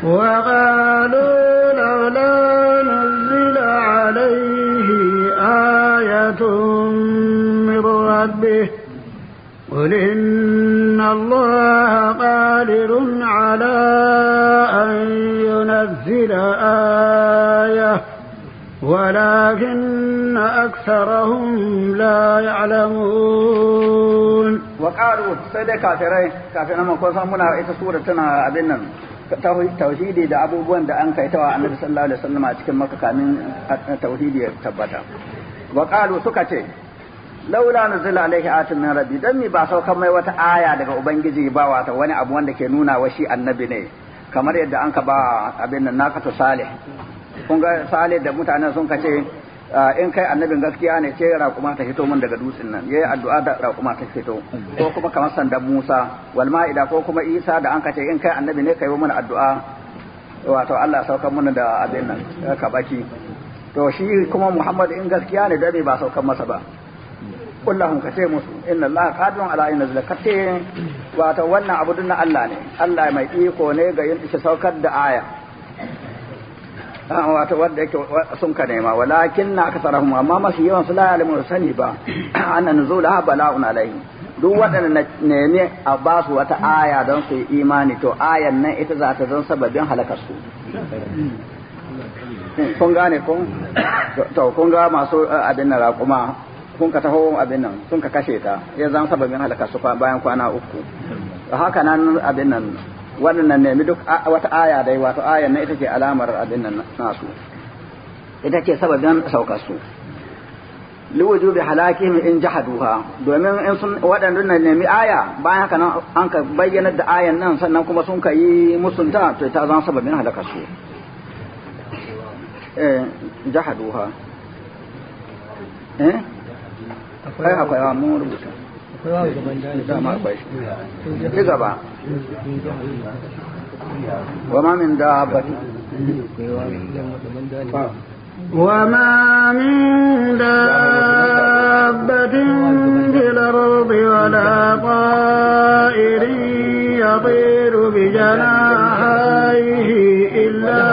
وقالوا لولا نزل عليه آية من ربه قل إن الله قادر على أن ينزل آية ولكن أكثرهم لا يعلمون وقالوا سيدي كافرين كافرين من قوة منا إيتا سورة تنا أبنا tauhidi da abubuwan da an kai tawa annabi sallallahu alaihi wasallam a cikin makka kamin tauhidi ya tabbata wa suka ce laula nuzila alaihi atun min rabbi dan mi ba saukan mai wata aya daga ubangiji bawa ta wani abu wanda ke nuna wa shi annabi ne kamar yadda an ka ba abin nan naqatu salih kun ga sale da mutanen sun kace ah, in kai annabin gaskiya ne ce raƙuma ta fito min daga dutsen nan yayi addu'a da raƙuma ta fito ko kuma kamar sandan Musa wal ma'ida ko kuma Isa da an kace in kai annabi ne kai mana addu'a wato Allah saukar mana da abin nan ka baki to shi kuma Muhammad in gaskiya ne dai ba saukar masa ba kullahum ka ce musu inna Allah qadirun ala an ka kate wato wannan abudun Allah ne Allah mai iko ne ga yin shi saukar da aya Ah, wato wanda yake sun ka nema walakin na akasarahum amma masu yawan su la ya'lamu sani ba (clears throat) anna nuzulaha bala'un alaihim duk waɗanda nemi a ba su wata aya don su yi imani to ayan nan ita za ta zan sababin halakar su hmm, kun gane kun (coughs) to kun ga masu eh, abin nan raƙuma kun ka taho abin nan sun ka kashe ta ya zan sababin halakar su bayan kwana uku haka nan abin nan wannan nemi duk wata aya dai wato ayan nan ita ce alamar abin nan nasu ita ce sababin saukar su liwujubi halakihim in jahaduha domin in sun waɗannan nan nemi aya bayan haka nan an ka bayyana da ayan nan sannan kuma sun kai musunta to ta zama sababin halakar su eh jahaduha eh akwai akwai mu rubuta وما من دابة وما من دابة في الأرض ولا طائر يطير بجناحيه إلا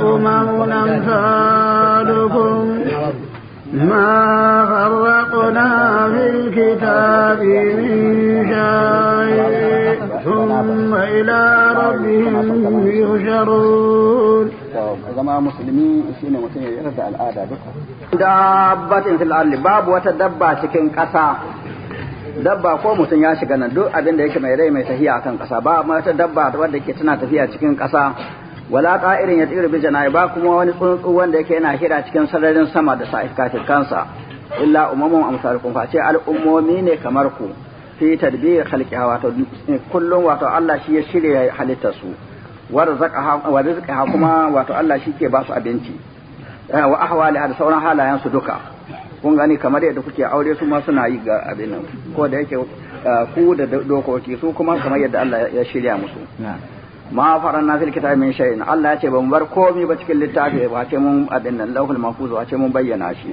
أمم أمثالكم ما فرقنا في الكتاب به من شيء ثم إلى ربهم يحشرون zama musulmi shine mutum ya yarda al'ada duka dabbatin fil ardi babu wata dabba cikin ƙasa dabba ko mutum ya shiga nan duk abin da yake mai rai mai tafiya akan ƙasa ba ma wata dabba wanda yake tana tafiya cikin ƙasa wala qa'irin ya tsira bi jana'i ba kuma wani tsuntsu wanda yake yana hira cikin sararin sama da sa kansa illa umamun amsalukum fa ce al'ummomi ne kamar ku fi tadbir khalqiha wato eh, kullum wato Allah shi ya shirya halittar su wa rizqaha kuma wato Allah shi ke ba su abinci eh, wa ahwali da sauran halayen su duka kun gani kamar yadda kuke aure su ma suna yi ga abin nan ko da yake eh, ku da dokoki su kuma kamar yadda Allah ya shirya musu ma faranna fil kitabi min shay'in Allah ya ce ban bar komai ba cikin littafi ba ce mun abin nan lawhul mahfuz ba ce mun bayyana shi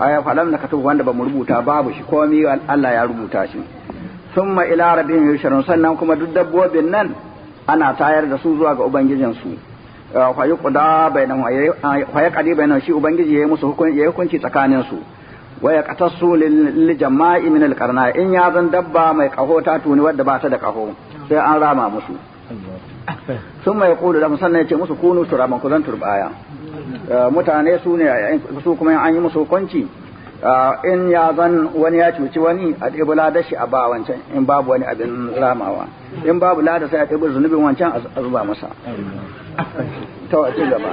aya falam da katubu wanda ba mu rubuta babu shi komi Allah ya rubuta shi summa ila rabbihim yusharun sannan kuma duk dabbobin nan ana tayar da su zuwa ga ubangijin su uh, fa yuqda bainahum fa yaqdi bainahum shi ubangiji yayi musu hukunci yayi hukunci tsakanin su waya yaqtasu lil jama'i min al qarna in ya zan dabba mai kaho ta tuni wadda ba ta da kaho sai an rama musu sun mai kudu da musamman ya ce musu kunu turaban ku zan turbaya eh, mutane su ne su kuma an yi musu hukunci eh, in ya zan wani ya cuci wani a ɗibu ladar shi a ba wancan in babu wani abin ramawa in babu ladar sai a ɗibu zunubin wancan a zuba masa ta wace gaba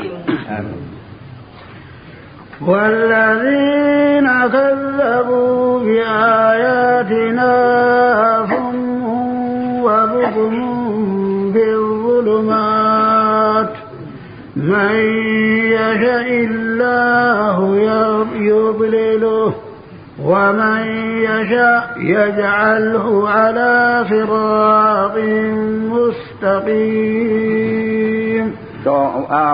والذين كذبوا بآياتنا هم وبكم من يشاء الله يضلله ومن يشاء يجعله على صراط مستقيم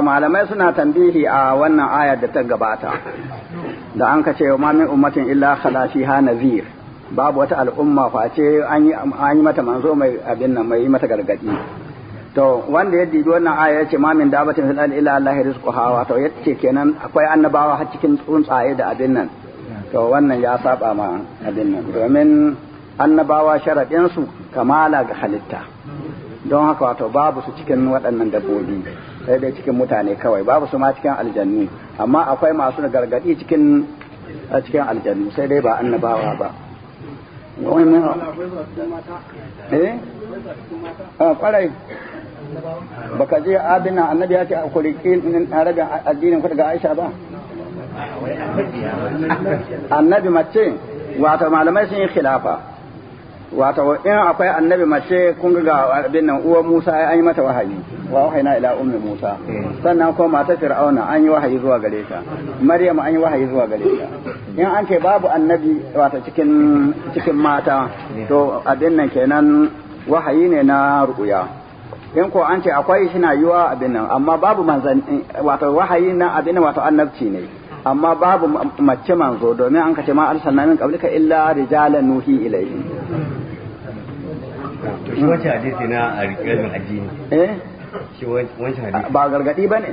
ما لم يسنى تنبيه وانا آية تقبعتا لأنك تقول ما من أمة إلا خلا فيها نذير باب وتأل أمة فأتي أني متى منظومة أبنى ما يمتى قرقدين to wanda ya dibi wannan aya ce ma min dabatin fil ardi illa allahi rizquha wa to yace kenan akwai annabawa har cikin tsuntsaye da abin nan to wannan ya saba ma abin nan domin annabawa sharadin su kamala ga halitta don haka wato babu su cikin waɗannan dabbobi sai dai cikin mutane kawai babu su ma cikin aljannu amma akwai masu gargaɗi cikin cikin aljannu sai dai ba annabawa ba eh kwarai ah, baka je abin nan annabi ya ce a na rabin addinin ku daga Aisha ba annabi mace wato malamai sun yi khilafa wato in akwai annabi mace kun ga abin nan uwar Musa ya an yi mata wahayi wa na ila ummi Musa sannan ko mata Fir'auna an yi wahayi zuwa gare ta Maryam an yi wahayi zuwa gare ta in an ce babu annabi wato cikin cikin mata to abin nan kenan wahayi ne na ruya in ko an ce akwai shi yiwa abin nan amma babu manzan wato wahayi na abin wato annabci ne amma babu mace manzo domin an kace ma arsalna min qablika illa rijalan nuhi ilayhim shi wace hadisi na a rikalin addini eh shi wancan hadisi ba gargadi bane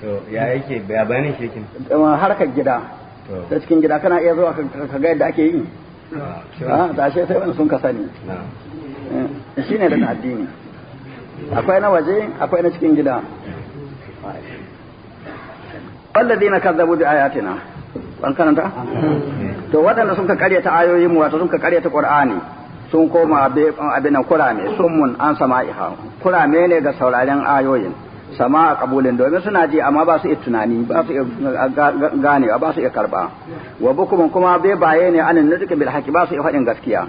to ya yake bayanin shi yake harkar gida ta cikin gida kana iya zuwa ka ga yadda ake yi a ah, ah, tashe sai wani sun ka sani eh, Shi ne da addini akwai na waje akwai na cikin gida na kazzabu bi ayatina an karanta to waɗanda sun ka karyata ayoyin mu wato sun ka karyata qur'ani sun koma abin nan kurame sun mun an sama kura kurame ne ga sauraren ayoyin sama a kabulin domin suna ji amma ba su iya tunani ba su iya gane ba su iya karba wa bukum kuma bai baye ne anan nutuka bil haqi ba su iya faɗin gaskiya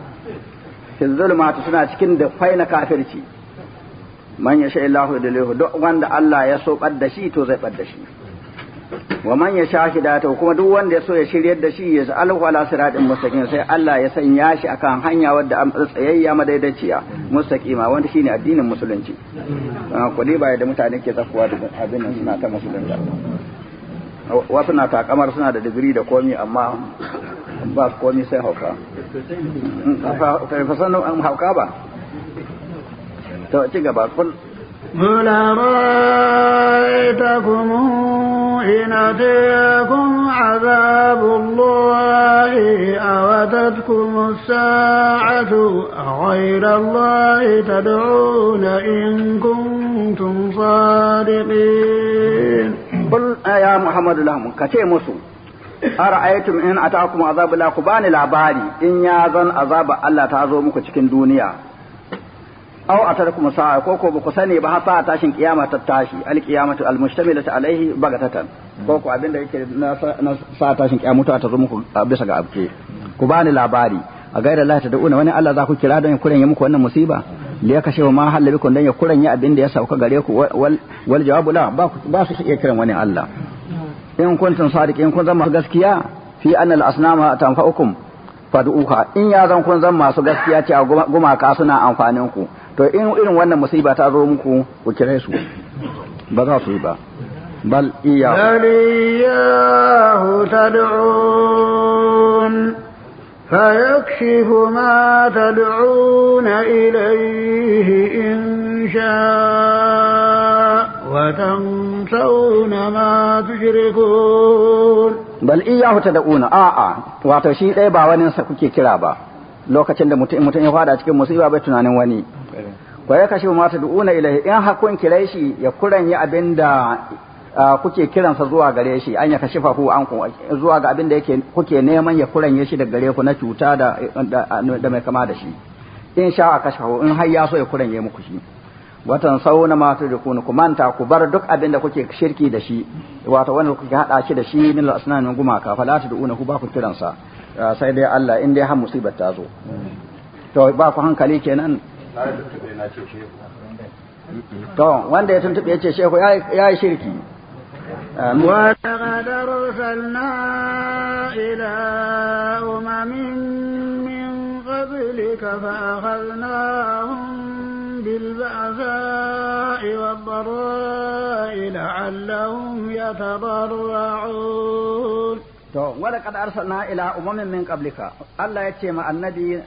fil zulmatu suna cikin da faina kafirci man yasha Allahu yudlihu duk wanda Allah ya so da shi to zai da shi wa man yasha hidayatahu kuma duk wanda ya so ya shiryar da shi ya alhu ala siratin mustaqim sai Allah ya sanya shi akan hanya wadda an tsayayya madaidaiciya mustaqima wanda shine addinin musulunci kudi ba da mutane ke tsakuwa da abin nan suna ta musulunci wasu na takamar suna da digiri da komi amma ba komi sai hauka fasanin hauka ba قل أرأيتكم إن أتيكم عذاب الله أوتتكم الساعة غير الله تدعون إن كنتم صادقين قل يا محمد لهم كتي مسو أرأيتم إن أتاكم عذاب الله قبان العبالي إن يازن عذاب الله تعزومك تكن دنيا aw a sa'a ko ko ba ku sani ba hatta tashin kiyama ta tashi alqiyamatu almustamilatu alaihi bagatatan ko ko abinda yake na sa'a tashin kiyama ta zo muku bisa ga abke ku bani labari a gaira Allah ta da'una wani Allah za ku kira don ya muku wannan musiba da ya kashe wa ma halabi kun don ya kuren ya abin da ya sauka gare ku wal jawabu la ba su iya kiran wani Allah in in ya zan masu gaskiya ce a gumaka suna amfanin ku to irin wannan musiba ta zo muku ku kire su ba za su yi ba bal iyahu فيكشف ما تدعون إليه إن شاء وتنسون ما تشركون بل إياه تدعون آآ shi ɗaya ba wani sa kuke kira ba lokacin da mutum ya fada cikin musiba bai tunanin wani wa ya ma mata du'una ilaihi in hakun kire shi ya kuran yi abinda kuke kiransa zuwa gare shi an ya kashi fahu an ku zuwa ga abinda yake kuke neman ya kuran shi da gare ku na cuta da da mai kama da shi in sha a kashe in har ya so ya kuran muku shi watan sauna ma ta dukun ku manta ku bar duk abinda kuke shirki da shi wato wanda kuke hada shi da shi min al-asnan gumaka fala ta du'una ku ba ku kiransa sai dai Allah in dai har musibar ta zo to ba ku hankali kenan to wanda ya tuntube ya ce shehu ya shirki wata gadar salna ila umamin min qabli ka to wala kad arsalna ila umamin min qablika Allah ya ce ma annabi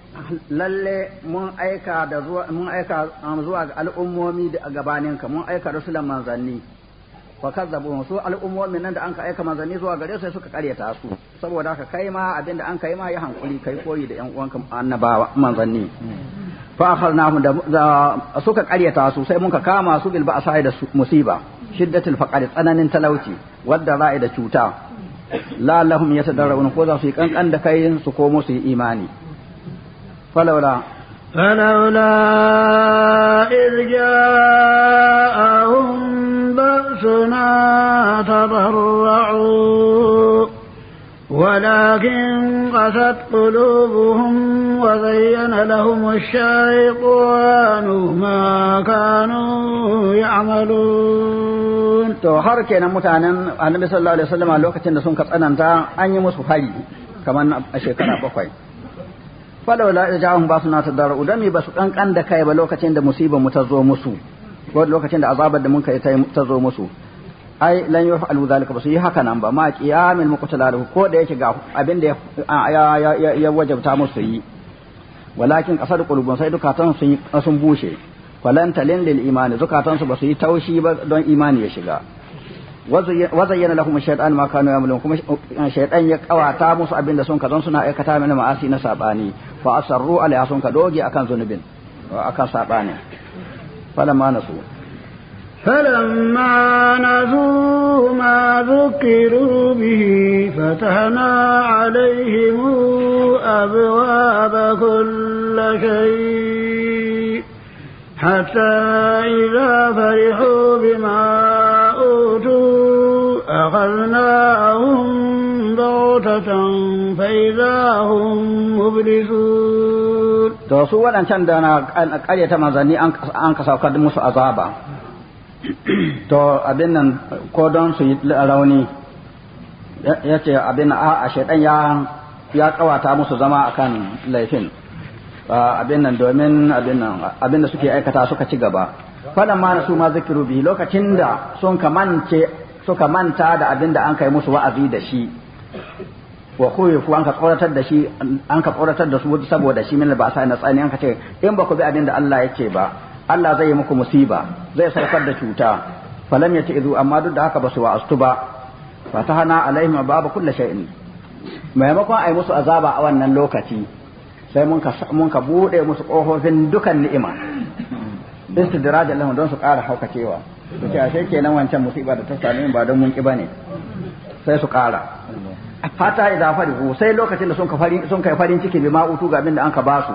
lalle mun aika da zuwa mun aika um, zuwa ga al'ummomi da gabanin ka mun aika rasulan manzanni fa kazzabu su al'ummomin nan da an ka aika manzanni zuwa gare su suka karyata su saboda haka kai ma abinda an kai ma ya hankuli kai koyi da yan uwanka annabawa manzanni fa akhadnahu da suka karyata su sai mun ka kama su bil ba'sa da musiba shiddatul faqr tsananin talauci wadda ra'i da cuta la lahum yatadarrabun ko za su yi kankan da kai su komo su yi imani falawla falawla irja'ahum ba'suna tadarra'u ولكن قست قلوبهم وزين لهم الشيطان ما كانوا يعملون to har kenan mutanen annabi sallallahu alaihi wasallam lokacin da sun ka tsananta an yi musu hari kamar a shekara bakwai falawla ijahum basuna tadarru dami basu kankan da kai ba lokacin da musibar mu ta zo musu ko lokacin da azabar da mun kai ta zo musu ai lan yaf'alu zalika basu yi haka nan ba ma qiyamil muqtalahu ko da yake ga abin da ya wajabta musu yi walakin qasad qulubun sai dukatan sun sun bushe falan talin lil imani zukatan su basu yi taushi ba don imani ya shiga wazayyana lahum shaytan ma kanu ya'malun kuma shaytan ya kawata musu abin da sun ka don suna aikata mana ma'asi na sabani fa asarru alaiha sun ka doge akan zunubin akan sabani fala ma nasu فلما نزوا ما ذكروا به فتحنا عليهم أبواب كل شيء حتى إذا فرحوا بما أوتوا أخذناهم بغتة فإذا هم مبلسون. تصور أن تندنا أن قرية مزني أنك أنك سأقدم عذابا. (clears throat) to abin nan ko don su yi rauni ya ce abin a a shaidan ya ya kawata musu zama akan laifin abin nan domin abin nan abin da suke aikata suka ci gaba fadan ma su ma zikiru rubi lokacin da sun kamance suka manta da abin da an kai musu wa'azi da shi wa khuyifu an ka tsoratar da shi an ka tsoratar da su saboda shi min ba sa na tsani an ka ce in ba ku bi abin da Allah ya ce ba Allah zai yi muku musiba zai sarfar da cuta falam idu amma duk da haka ba su wa'astu ba tahana alaihim babu kulli shay'in maimakon ai musu azaba a wannan lokaci sai mun ka mun ka bude musu kofofin dukan ni'ima istidraj lahum don su ƙara haukacewa kace ashe kenan wancan musiba da ta same ba don mun ki bane sai su ƙara hatta idza farihu sai lokacin da sun ka farin sun kai farin ciki bi ma utu ga abin da an ka ba su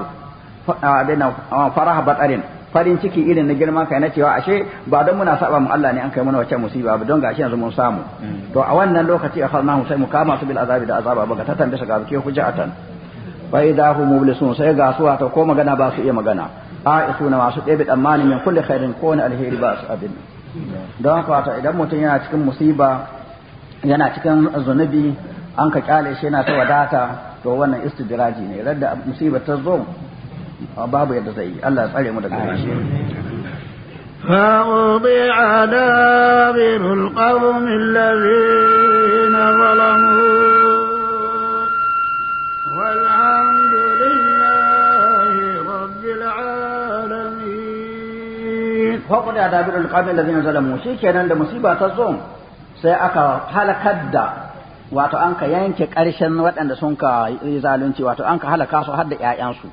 abin faraha batarin farin ciki irin na girma kai na cewa ashe ba don muna saba mu Allah ne an kai mana wacce musiba ba don gashi yanzu mun samu mm. to a wannan lokaci a kalmahu sai mu kama su bil azabi da azaba ba ta tambaye ga ke hujjatan fa idza hu mublisun sai ga su ta ko magana ba su iya magana a isuna masu ɗebe tsammani min kulli khairin ko na alheri ba su abin don haka wata idan mutum yana cikin musiba yana cikin zunubi an ka kyale shi yana ta wadata to wannan istidraji ne radda musiba ta zo babu yadda zai yi Allah ya tsare mu daga gare shi فوضع دابر القوم الذين ظلموا والحمد لله رب العالمين فوضع دابر القوم الذين ظلموا da musiba sai aka halakar da wato an ka yanke ƙarshen waɗanda sun ka zalunci wato an ka halaka su har da 'ya'yansu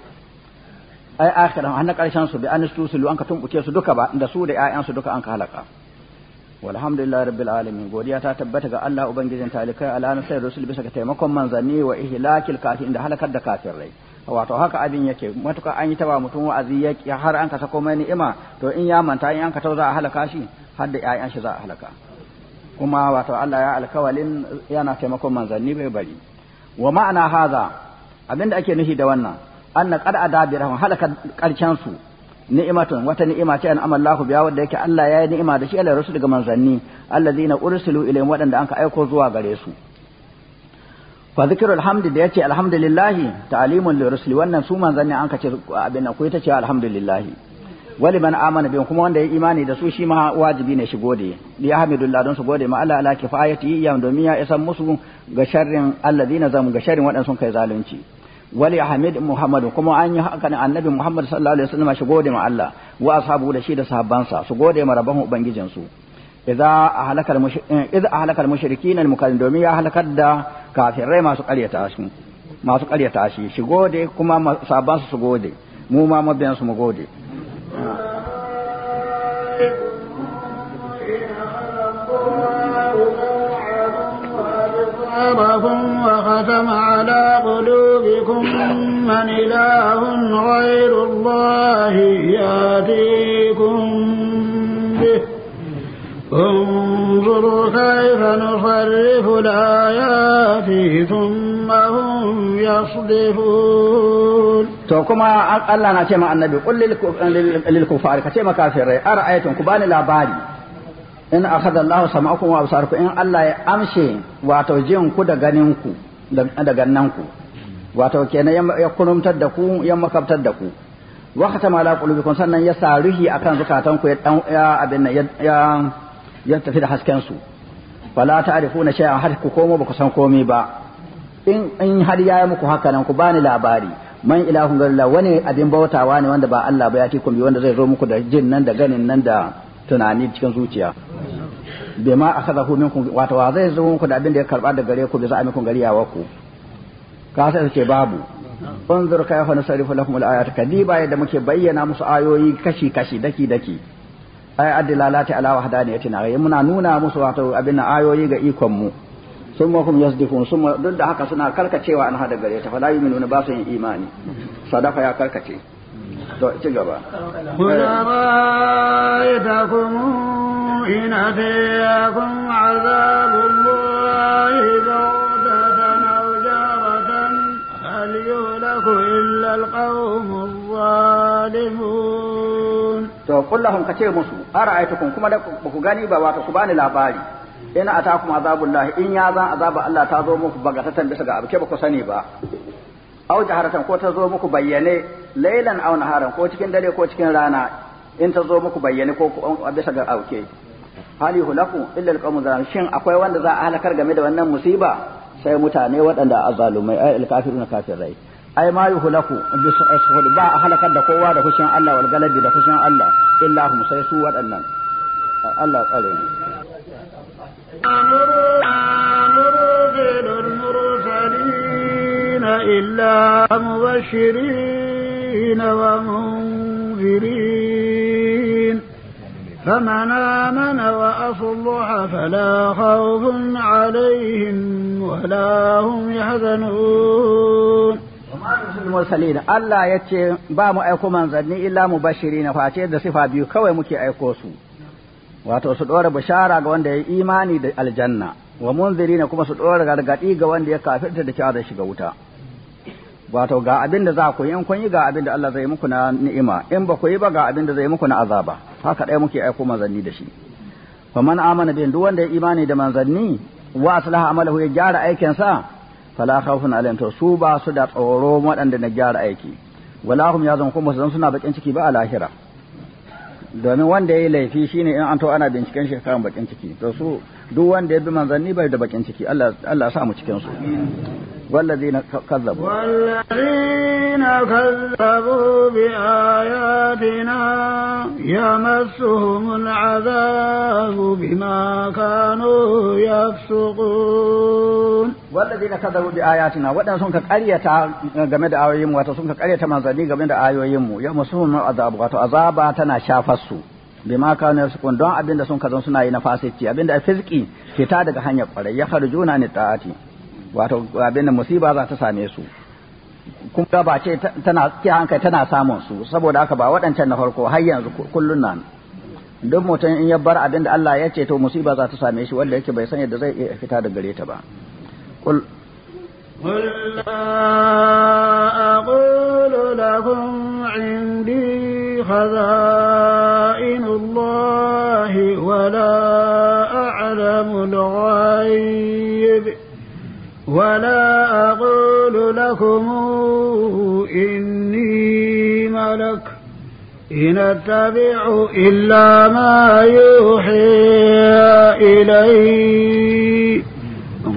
ai akhiran har karshen su bi an stusulu an ka tumbuke su duka ba da su da ƴaƴan su duka an ka halaka walhamdulillahi rabbil alamin godiya ta tabbata ga Allah ubangijin talikai alana nasai rusul bisa ga taimakon manzanni wa ihlakil kafirin da halakar da kafirai wato haka abin yake matuka an yi taba mutum wa'azi ya har an ka sako mai ni'ima to in ya manta in an ka tau za a halaka shi har da ƴaƴan shi za a halaka kuma wato Allah ya alkawalin yana taimakon manzanni bai bari wa ma'ana haza abinda ake nufi da wannan anna qad adabirahum halaka karcan su ni'matun wata ni'ima ce an amallahu biya wanda yake Allah ya yi ni'ima da shi Allah rasu daga manzanni allazina ursilu ilayhim waɗanda anka aiko zuwa gare su fa zikrul hamdi da yace alhamdulillah ta'limun li rusuli wannan su manzanni anka ce abin ku ita ce alhamdulillah wali man amana bihim kuma wanda ya imani da su shi ma wajibi ne shi gode li ahmadullah don su gode ma Allah ala kifayati yam domin ya isan musu ga sharrin allazina zamu ga sharrin wadansu kai zalunci wali hamid muhammadu kuma an yi haka ne annabi muhammad sallallahu alaihi wasallam shi gode ma Allah wa ashabu da shi da sahabbansa su gode ma rabban ubangijin su idza ahlakal mushrikin idza ahlakal mushrikin al mukallin domin ya halakar da kafirai masu ƙaryata shi masu ƙaryata shi shi gode kuma sahabbansa su gode mu ma mabiyan su mu gode Thank (laughs) you. ختم على قلوبكم من إله غير الله يأتيكم به انظروا كيف نصرف الآيات ثم هم يصدفون to kuma Allah na ce ma annabi qul lil kufari ka ce ma kafirai ara'aytum ku bani labari in akhadha Allahu sam'akum wa absarakum in Allah ya amshe wato jin ku da ganin ku daga nan ku wato kenan ya kurumtar da ku ya makabtar da ku ma khatama ala qulubikum sannan ya ruhi akan zukatan ku ya dan ya abin ya ya tafi da hasken su fala ta'rifuna shay'an har ku komo ba ku san komai ba in in har ya yi muku haka nan ku bani labari man ilahun garilla wani abin bautawa ne wanda ba Allah ba ya ce kun bi wanda zai zo muku da jin nan da ganin nan da tunani cikin zuciya bima akhadahu minkum wato wa zai zo muku da abin da ya karba da gare ku bi za a miku gari yawa ku ka sai ce babu unzur kai yafa nasarifu lakum alayat kadiba yadda muke bayyana musu ayoyi kashi kashi daki daki ay adilalati ala wahdaniyatina ya muna nuna musu wato abin ayoyi ga ikon mu sun ma kuma yasdifun sun ma duk da haka suna karkacewa an hada gare ta fa la yu'minuna ba su yin imani sadaka ya karkace to ci gaba kuna ma إن أتيكم عذاب الله بغتة أو جارة هل يهلك إلا القوم الظالمون to kullahum kace musu ara'aytukum kuma da ku gani ba wato ku bani labari ina atakum azabullahi in ya zan azaba Allah ta zo muku bagatatan bisa ga abuke ba ku sani ba aw jaharatan ko ta zo muku bayyane laylan aw naharan ko cikin dare ko cikin rana in ta zo muku bayyane ko bisa ga auke hali hulaku illa alqawmu zalim shin akwai wanda za a halakar game da wannan musiba sai mutane waɗanda azalumai ay alkafiruna kafirai ai ma yuhlaku bisuhud ba a halakar da kowa da kushin Allah wal galabi da kushin Allah illa hum sai su waɗannan Allah tsare ni إلا مبشرين ومنذرين فمن آمن وأصلح فلا خوف عليهم ولا هم يحزنون المرسلين Allah ya ce ba mu aiko manzanni illa mu bashiri na face da sifa biyu kawai muke aiko su wato su ɗora bishara ga wanda ya yi imani da aljanna wa munziri na kuma su ɗora gargaɗi ga wanda ya kafirta da cewa zai shiga wuta wato ga abin da za ku yi in kun yi ga abin da Allah zai muku na ni'ima in ba ku yi ba ga abin da zai muku na azaba haka ɗaya muke aiko manzanni da shi fa man amana bin duk wanda ya imani da manzanni wa aslaha amalahu ya gyara aikin sa fala khawfun alaihim to su ba su da tsoro waɗanda na gyara aiki wala hum yazun kuma su suna bakin ciki ba a lahira domin wanda yayi laifi shine in an to ana binciken shi kan bakin ciki to su duk wanda ya bi manzanni bai da bakin ciki Allah Allah sa mu cikin su والذين كذبوا والذين كذبوا بآياتنا يمسهم العذاب بما كانوا يفسقون والذين كذبوا بآياتنا ودن سنك قرية جمد آيوهم وتسنك قرية منزلين جمد آيوهم يمسهم العذاب وتو عذاباتنا شافسوا bima kanu yasukun don abinda sun kazan suna yi na fasici abinda a fiziki fita daga hanyar kwarai ya kharjuna ni ta'ati wato abin da musiba za ta same su kuma ba ce tana kiyan hankali tana samun su saboda haka ba waɗancan na farko har yanzu kullun nan duk mutum in ya bar abin da Allah ya ce to musiba za ta same shi wanda yake bai san yadda zai iya fita da gare ta ba kul قل لا أقول لكم عندي خزائن الله ولا أعلم الغيب ولا أقول لكم إني ملك إن أتبع إلا ما يوحي إلي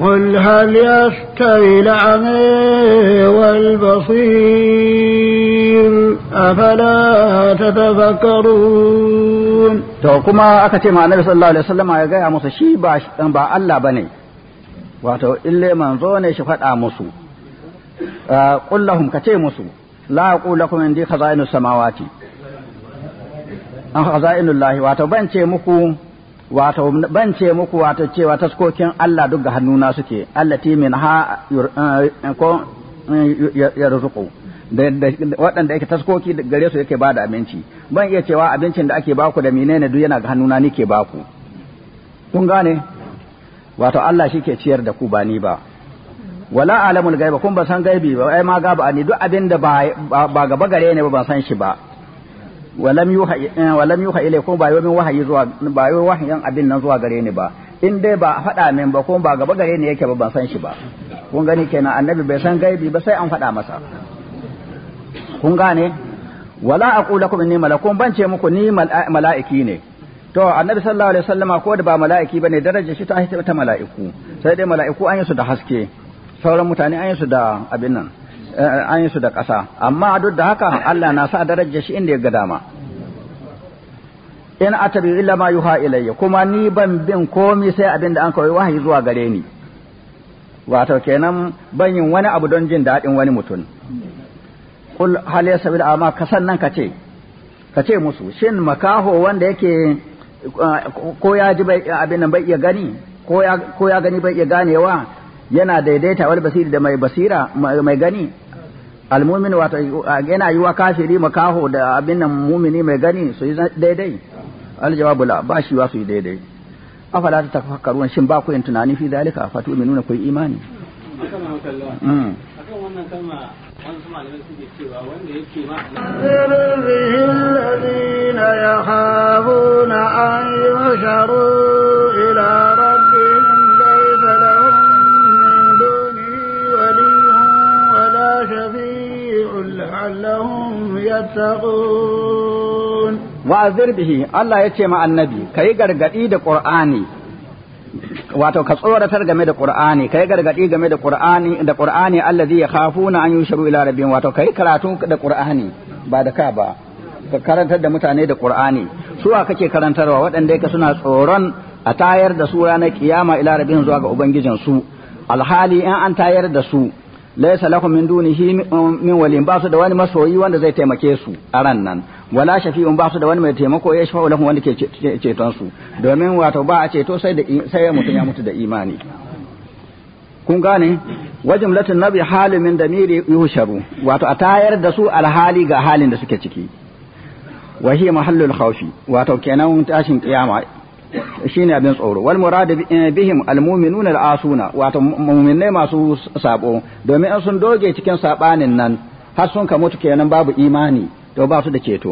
قل هل يستوي العمي والبصير أفلا تتفكرون تو كما أكتم النبي صلى الله عليه وسلم يا جاي موسى شي با الله بني wato ille manzo ne shi faɗa musu kullahum ah, ka ce musu la aqulu lakum indi khaza'inu samawati an ah, khaza'inullahi wato ban ce muku wato ban ce muku wato cewa taskokin Allah duk ga hannuna suke allati min ha eh, ko eh, yarzuqu waɗanda yake taskoki gare su yake ba da abinci ban iya cewa abincin da ake baku da menene duk yana ga hannuna nike baku kun gane wato Allah shi ke ciyar da ku ba ni ba wala alamul gaiba kun ba san gaibi ba ai ma ga ba ni duk abin da ba gaba gare ne ba ban san shi ba walam yuha eh, walam yuha ilai kun ba yomin wahayi zuwa ba yomin wahayin abin nan zuwa gare ni ba in dai ba fada min ba kun ba gaba gare ne yake ba ban san shi ba kun gani kenan annabi bai san gaibi ba sai an fada masa kun gane wala aqulu lakum inni malakun ban ce muku ni eh, mala'iki ne to annabi sallallahu alaihi wasallama ko da ba mala'iki bane darajar shi ta ta mala'iku sai dai mala'iku an yi su da haske sauran mutane an yi su da abin nan eh, an yi su da ƙasa amma duk da haka Allah na sa darajar shi inda ya ga dama in atabi illa ma yuha ilayya kuma ni ban bin komi sai abin da an kawai wahayi zuwa gare ni wato kenan ban yin wani abu don jin daɗin wani mutum kul hal yasabil ama kasan nan kace kace musu shin makaho wanda yake ko ya ji abin nan bai iya gani ko ya gani bai iya ganewa yana daidaita wal basiri da mai basira mai gani almumin wato yana yi wa kafiri makaho da abin nan mumini mai gani su yi daidai aljawabu la ba shi wa su yi daidai afala ta tafakkaru shin ba ku yin tunani fi dalika fatu minuna ku imani hmm. akan wannan kalma wasu malamai suke cewa wanda yake ma الذين wa'azir bihi Allah ya ce ma annabi ka yi gargaɗi da ƙur'ani wato ka tsoratar game da qur'ani kai gargadi game da qur'ani da qur'ani allazi yakhafuna an yusharu ila rabbihim wato kai karatu da qur'ani ba da ka ba ka karantar da mutane da qur'ani su wa kake karantarwa waɗanda ka suna tsoron a tayar da su ranar kiyama ila rabbihim zuwa ga ubangijin su alhali in an tayar da su laysa lakum min dunihi min ba su da wani masoyi wanda zai taimake su a ran nan wala shafi'un ba su da wani mai taimako ya shafa lahum wanda ke ceton su domin wato ba a ceto sai da sai ya mutu da imani kun gane wajen latin nabi halin min damiri yusharu wato a tayar da su alhali ga halin da suke ciki wa hiya mahallul khawfi wato kenan tashin kiyama shine abin tsoro wal murad eh, bihim al mu'minuna al asuna wato mu'minai masu sabo domin sun doge cikin sabanin nan har sun ka mutu kenan babu imani to ba su da ceto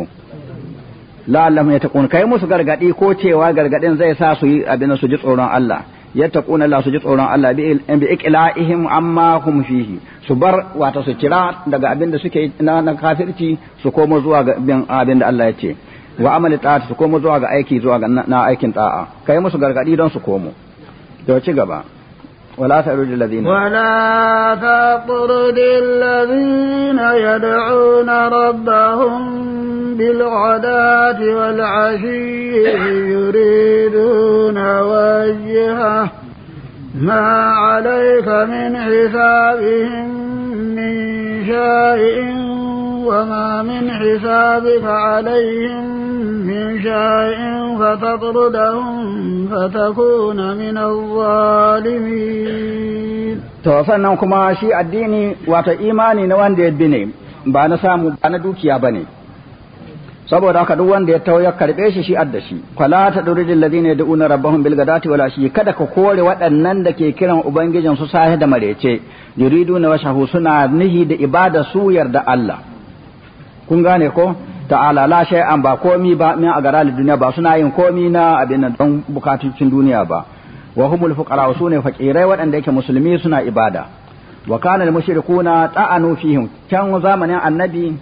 la'allahum yattaqun kai musu gargadi ko cewa gargadin zai sa su yi abin su ji tsoron Allah yattaqun Allah su ji tsoron Allah bi in bi iqla'ihim amma hum fihi su bar wato su kira daga abin da suke na na kafirci su komo zuwa ga abin da Allah ya ce wa amali ta'at su komo zuwa ga aiki zuwa ga na aikin ta'a kai musu gargadi don su komo to ci gaba ولا تطرد الذين ولا تطرد الذين يدعون ربهم بالغداة والعشي يريدون وجهه ما عليك من حسابهم من شيء وما من حسابك عليهم من شيء فتطردهم فتكون من الظالمين to sannan kuma shi addini wato imani na wanda ya bi ne ba na samu ba na dukiya ba saboda haka duk wanda ya tawo ya karbe shi shi adda shi fala ta duridil ladina yad'una rabbahum bil gadati wala shi kada ka kore waɗannan da ke kiran ubangijin su sahi da marece na washahu suna nihi da ibada su yarda Allah kun gane ko ta'ala la shay'an ba komi ba min a garal duniya ba suna yin komi na abin nan don bukatun duniya ba wa humul fuqara sune fakirai wadanda yake musulmi suna ibada wa kana al mushrikuna ta'anu fihim can zamanin annabi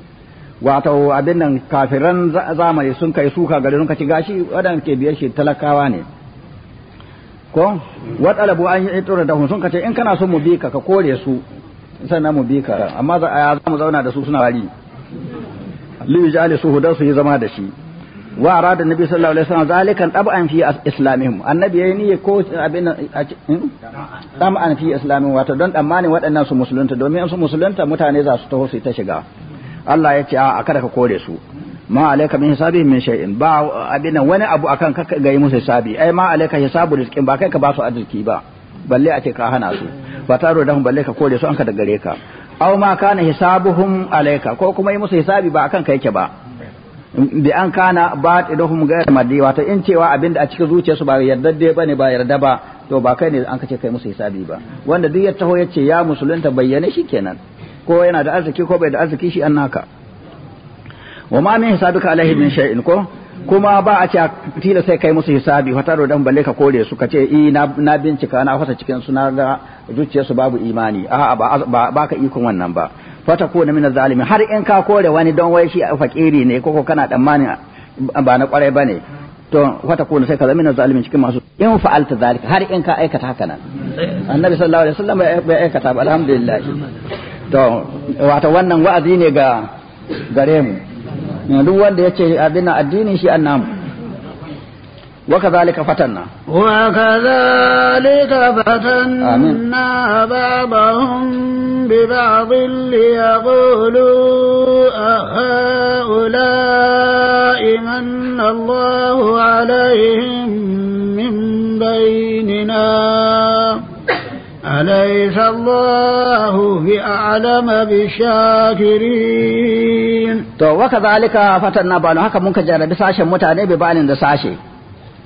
wato abin nan kafiran zamani sun kai suka gari sun kaci gashi waɗanda ke biyar shi talakawa ne ko waɗalabu an yi da da sun kace in kana son mu bi ka kore su sannan mu bi ka amma za mu zauna da su suna wari li su da su yi zama da shi wa arada nabi sallallahu alaihi wasallam zalikan tab'an fi islamihim annabi yayi ne ko abin hmm? tab'an fi islamin wato don tsammanin waɗannan su musulunta domin su musulunta mutane za su taho su ta shiga Allah ya ce a kada ka kore su ma alaika min hisabihim min shay'in ba abin wani abu akan ka ga yi musu hisabi ai ma alaika hisabu rizqin ba kai ka ba su arziki ba balle a ce ka hana su ba taro da balle ka kore su an ka da gare ka aw ma kana hisabuhum alayka ko kuma yi musu hisabi ba akan kai yake ba bi an kana batinuhum ghayr maddi ta in cewa abinda a cikin zuciyarsu ba yardadde bane ba yarda ba to ba kai ne an kace kai musu hisabi ba wanda duk ya taho yace ya musulunta bayyane kenan ko yana da arziki ko bai da arziki shi an naka wa ma min hisabika alaihi min shay'in ko kuma ba a ce a tila sai kai musu hisabi fatar da balle ka kore su ka ce i na bincika na fasa cikin su na ga zuciyarsu babu imani a ba ba ka ikon wannan ba fata ko na min zalimi har in ka kore wani don wai shi fakiri ne ko kana mani ba na kwarai bane to fata ko sai ka zama min zalimi cikin masu in fa'alta zalika har in ka aikata haka nan annabi sallallahu alaihi wasallam bai aikata ba alhamdulillah to wato wannan wa'azi ne ga gare mu duk wanda yace abin addini shi annamu وكذلك فتنا وكذلك فتنا آمين. بعضهم ببعض ليقولوا أهؤلاء من الله عليهم من بيننا أليس الله بأعلم بالشاكرين to fatan na fatanna banu haka mun jarabi sashen mutane bi balin da sashe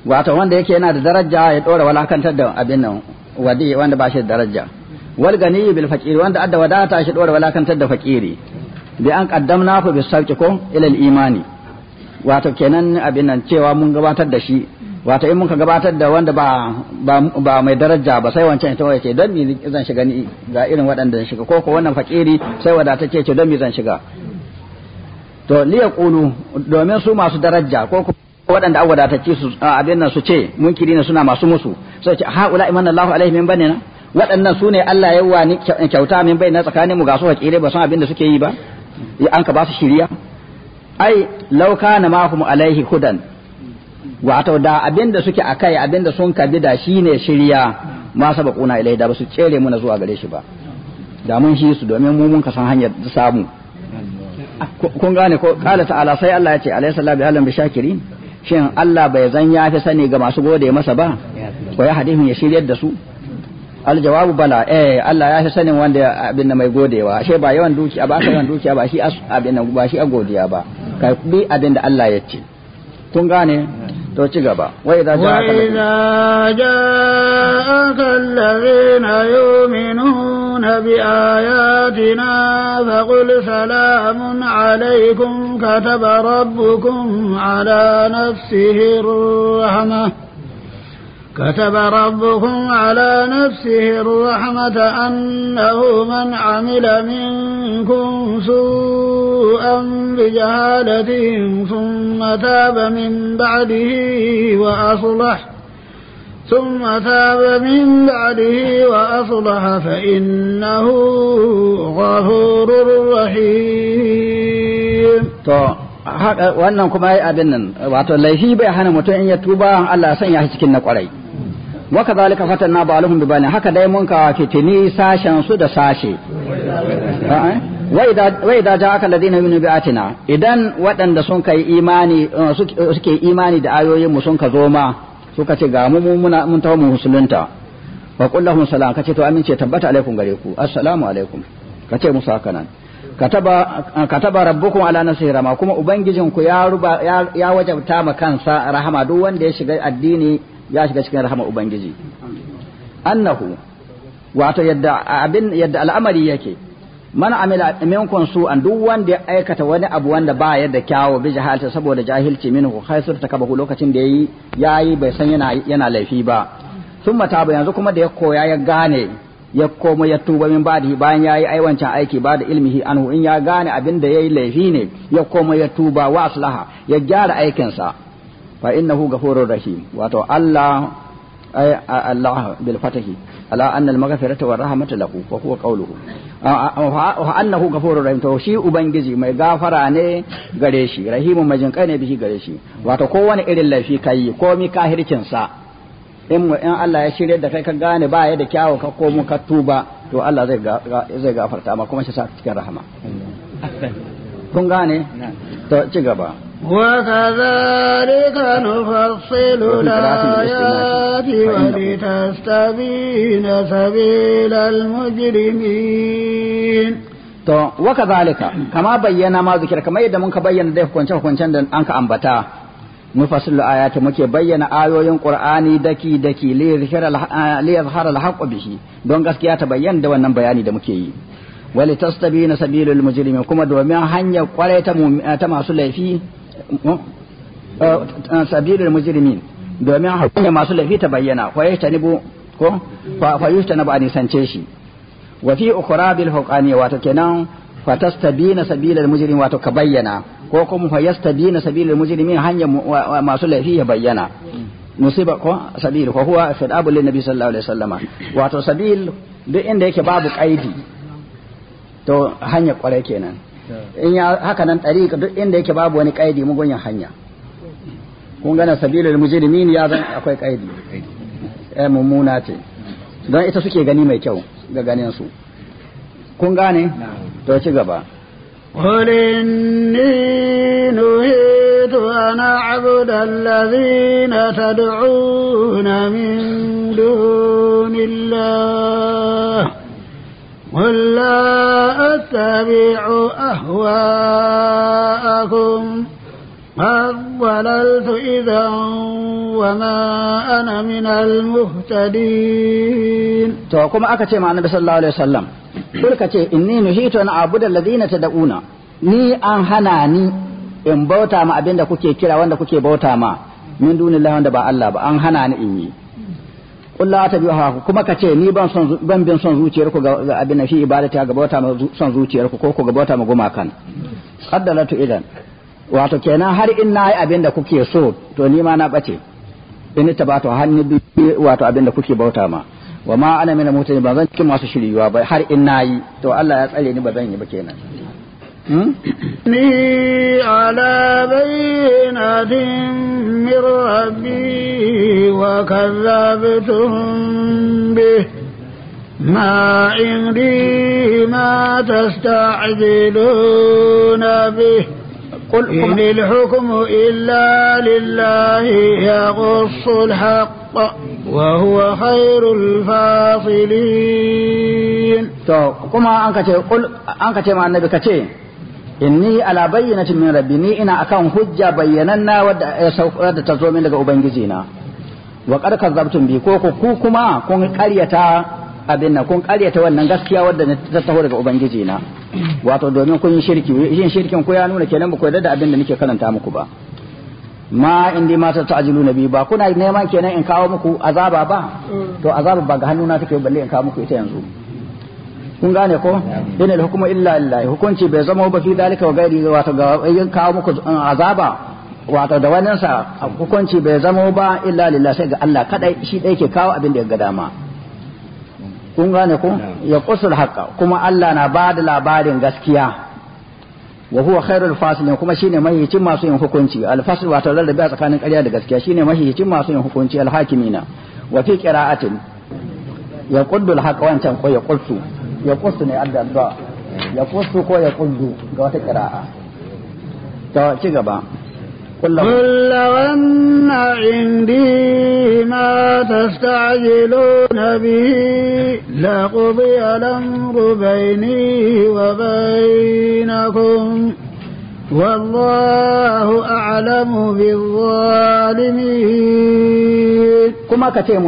wato wanda yake yana da daraja ya dora walakantar da abin nan wadi wanda ba shi da daraja wal gani bil faqiri wanda adda wadata shi dora walakantar da faqiri bi an qaddamna fa bis ko ila imani wato kenan abin nan cewa mun gabatar da shi wato in muka gabatar da wanda ba ba mai daraja ba sai wancan ita wace don mi zan shiga ni ga irin waɗanda shiga ko ko wannan fakiri sai wadatacce ce don mi zan shiga to ya kunu domin su masu daraja ko ko waɗanda an wadatacce su abin nan su ce kiri ne suna masu musu sai ce ula imanna Allahu alaihi min banina waɗannan su ne Allah ya wani kyauta min bai na tsakanin mu ga su fakire ba san abin da suke yi ba an ka ba su shiriya ai law kana mahum alaihi hudan wato da abin da suke akai abin da sun kabi da shi ne shirya ma sabaquna ilai da basu cere muna zuwa gare shi ba da mun shi su domin mu mun kasan hanyar samu kun gane ko kala ta'ala sai Allah ya ce alayhi salatu alam bi shakirin shin Allah bai zan ya fi sani ga masu gode masa ba ko ya hadihin ya shiryar da su aljawabu bala eh Allah ya fi sanin wanda abin da mai godewa ashe ba yawan dukiya ba aka yawan dukiya ba shi abin ba shi a godiya ba kai bi abin da Allah ya ce kun gane تو چگا با وَإِذَا جَاءَكَ الَّذِينَ يُؤْمِنُونَ بِآيَاتِنَا فَقُلْ سَلَامٌ عَلَيْكُمْ كَتَبَ رَبُّكُمْ عَلَى نَفْسِهِ الرَّحْمَةِ كتب ربكم على نفسه الرحمة أنه من عمل منكم سوءا بجهالة ثم تاب من بعده وأصلح ثم تاب من بعده وأصلح فإنه غفور رحيم wannan kuma ya abin nan wato laifi bai hana mutum in ya tuba Allah san ya cikin na kwarai zalika fatan na ba'alhum bi haka dai mun ka fitini sashen su da sashe wa idza ja'aka alladhina yu'minu bi atina idan waɗanda sun kai imani uh, uh, suke imani da ayoyin mu sun ka zo ma suka ce ga mu muna mun tawo mu musulunta wa qul lahum salam kace to amince tabbata alaikum gare ku assalamu alaikum kace musu haka nan kataba uh, kataba rabbukum ala nafsihi rahma kuma ubangijinku ya ya wajabta ma kansa rahama duk wanda ya shiga addini ya shiga cikin rahama ubangiji annahu wato yadda abin yadda al'amari yake man amila minkum an duk wanda ya aikata wani abu wanda ba yadda da bi bi jahalta saboda jahilci minhu ta takabahu lokacin da yayi yayi bai san yana yana laifi ba thumma taba yanzu kuma da ya koya ya gane ya komo ya tuba min ba'dihi bayan yayi aiwancin aiki ba da ilmihi anhu in ya gane abin da yayi laifi ne ya koma ya tuba wa aslaha ya gyara aikinsa sa fa innahu ghafurur rahim wato Allah ay Allah bil fatahi ala anna al maghfirata war rahmata lahu wa huwa qawluhu wa annahu ghafurur rahim to shi ubangiji mai gafara ne gare shi rahimun majin ne bihi gare shi wato kowane irin laifi kai komi kahircin sa in in Allah ya shirye da kai ka gane ba ya da kyawu ka komo ka tuba to Allah zai zai gafarta amma kuma shi sa cikin rahama kun gane to ci gaba وكذلك نفصل الآيات ولتستبين سبيل المجرمين to waka zalika kama bayyana ma zikira kama yadda muka bayyana dai hukunce hukuncen da an ka ambata mufassilu ayati muke bayyana ayoyin qur'ani daki daki li yadhhara al-haqq bihi don gaskiya ta bayyana da wannan bayani da muke yi wali tastabina sabilul mujrimin kuma domin hanyar kware ta masu laifi Hmm? Eh, eh, sabilul mujrimin domin hakuna masu laifi ta bayyana nisance shi wa fi ukhra bil wato kenan wato ka bayyana ko kuma masu laifi ya bayyana musiba ko sabil ko huwa lin nabi sallallahu alaihi wasallama wato sabil duk inda yake babu qaidi to hanya kwarai kenan in ya haka nan tariqa duk inda yake babu wani kaidi mugunyan hanya kun gana sabilar mujrimin ya zan akwai kaidi ya eh, mummuna ce don ita suke gani mai kyau ga ganin su kun gane to ci gaba قل إني نهيت أن أعبد الذين تدعون من دون الله قل لا أتبع أهواءكم قد ضللت إذا وما أنا من المهتدين to kuma aka ce ma annabi sallallahu alaihi wasallam kul ka ce inni nuhitu an abuda alladhina tad'una ni an hana ni in bauta ma abinda kuke kira wanda kuke bauta ma min dunillahi da ba Allah ba an hana ni in yi qul ta tabi'u hawa kuma ka ce ni ban ban bin son zuciyar ku ga abin shi ibadata ga bauta ma son zuciyar ku ko ku ga bauta ma gumakan qaddalatu idan wato kenan har in nayi abin da kuke so to ni ma na bace in tabatu hanni bi wato abin da kuke bauta ma wa ma ana mina mutane ba zan cikin masu shiryuwa ba har in nayi to Allah ya tsare ni ba zan yi ba kenan إني على بينة من ربي وكذبتم به ما عندي ما تستعجلون به قل إن الحكم إلا لله يقص الحق وهو خير الفاصلين قل كما أنك قل أنك مع النبي كتير inni ala bayyinatin min rabbi ni ina akan hujja bayyananna wadda ta zo min daga ubangiji na wa qad kazzabtum bi ko ku kuma kun karyata abin nan kun karyata wannan gaskiya wadda ta taho daga ubangiji na wato domin kun yi shirki yin shirkin ku ya nuna kenan ba ku yarda da abin da nake karanta muku ba ma indi ma ta ta'jilu nabi ba kuna neman kenan in kawo muku azaba ba mm. to azaba ba ga hannuna take balle in kawo muku ita yanzu kun gane ko ina da hukuma illa lillahi hukunci bai zama ba fi dalika wa gairi wato ga kawo muku uh, azaba wato da wannan sa hukunci bai zama ba illa lillahi sai ga Allah kadai shi dai ke kawo abin da ya ga dama kun gane ko ya qusul haqa kuma Allah na ba da labarin gaskiya wa huwa khairul fasilin kuma shine mahiyicin masu yin hukunci al fasil wato rarrabe a tsakanin ƙarya da gaskiya shine mahiyicin masu yin hukunci al hakimina wa fi qira'atin ya quddul haqa wancan ko ya qultu ya kusu ne addu'a ya kusu ko ya kuzu ga wata kira'a ta ci gaba kullum anna indi ma tastajilun bi la qudi al-amru bayni wa bainakum والله أعلم بالظالمين كما كتير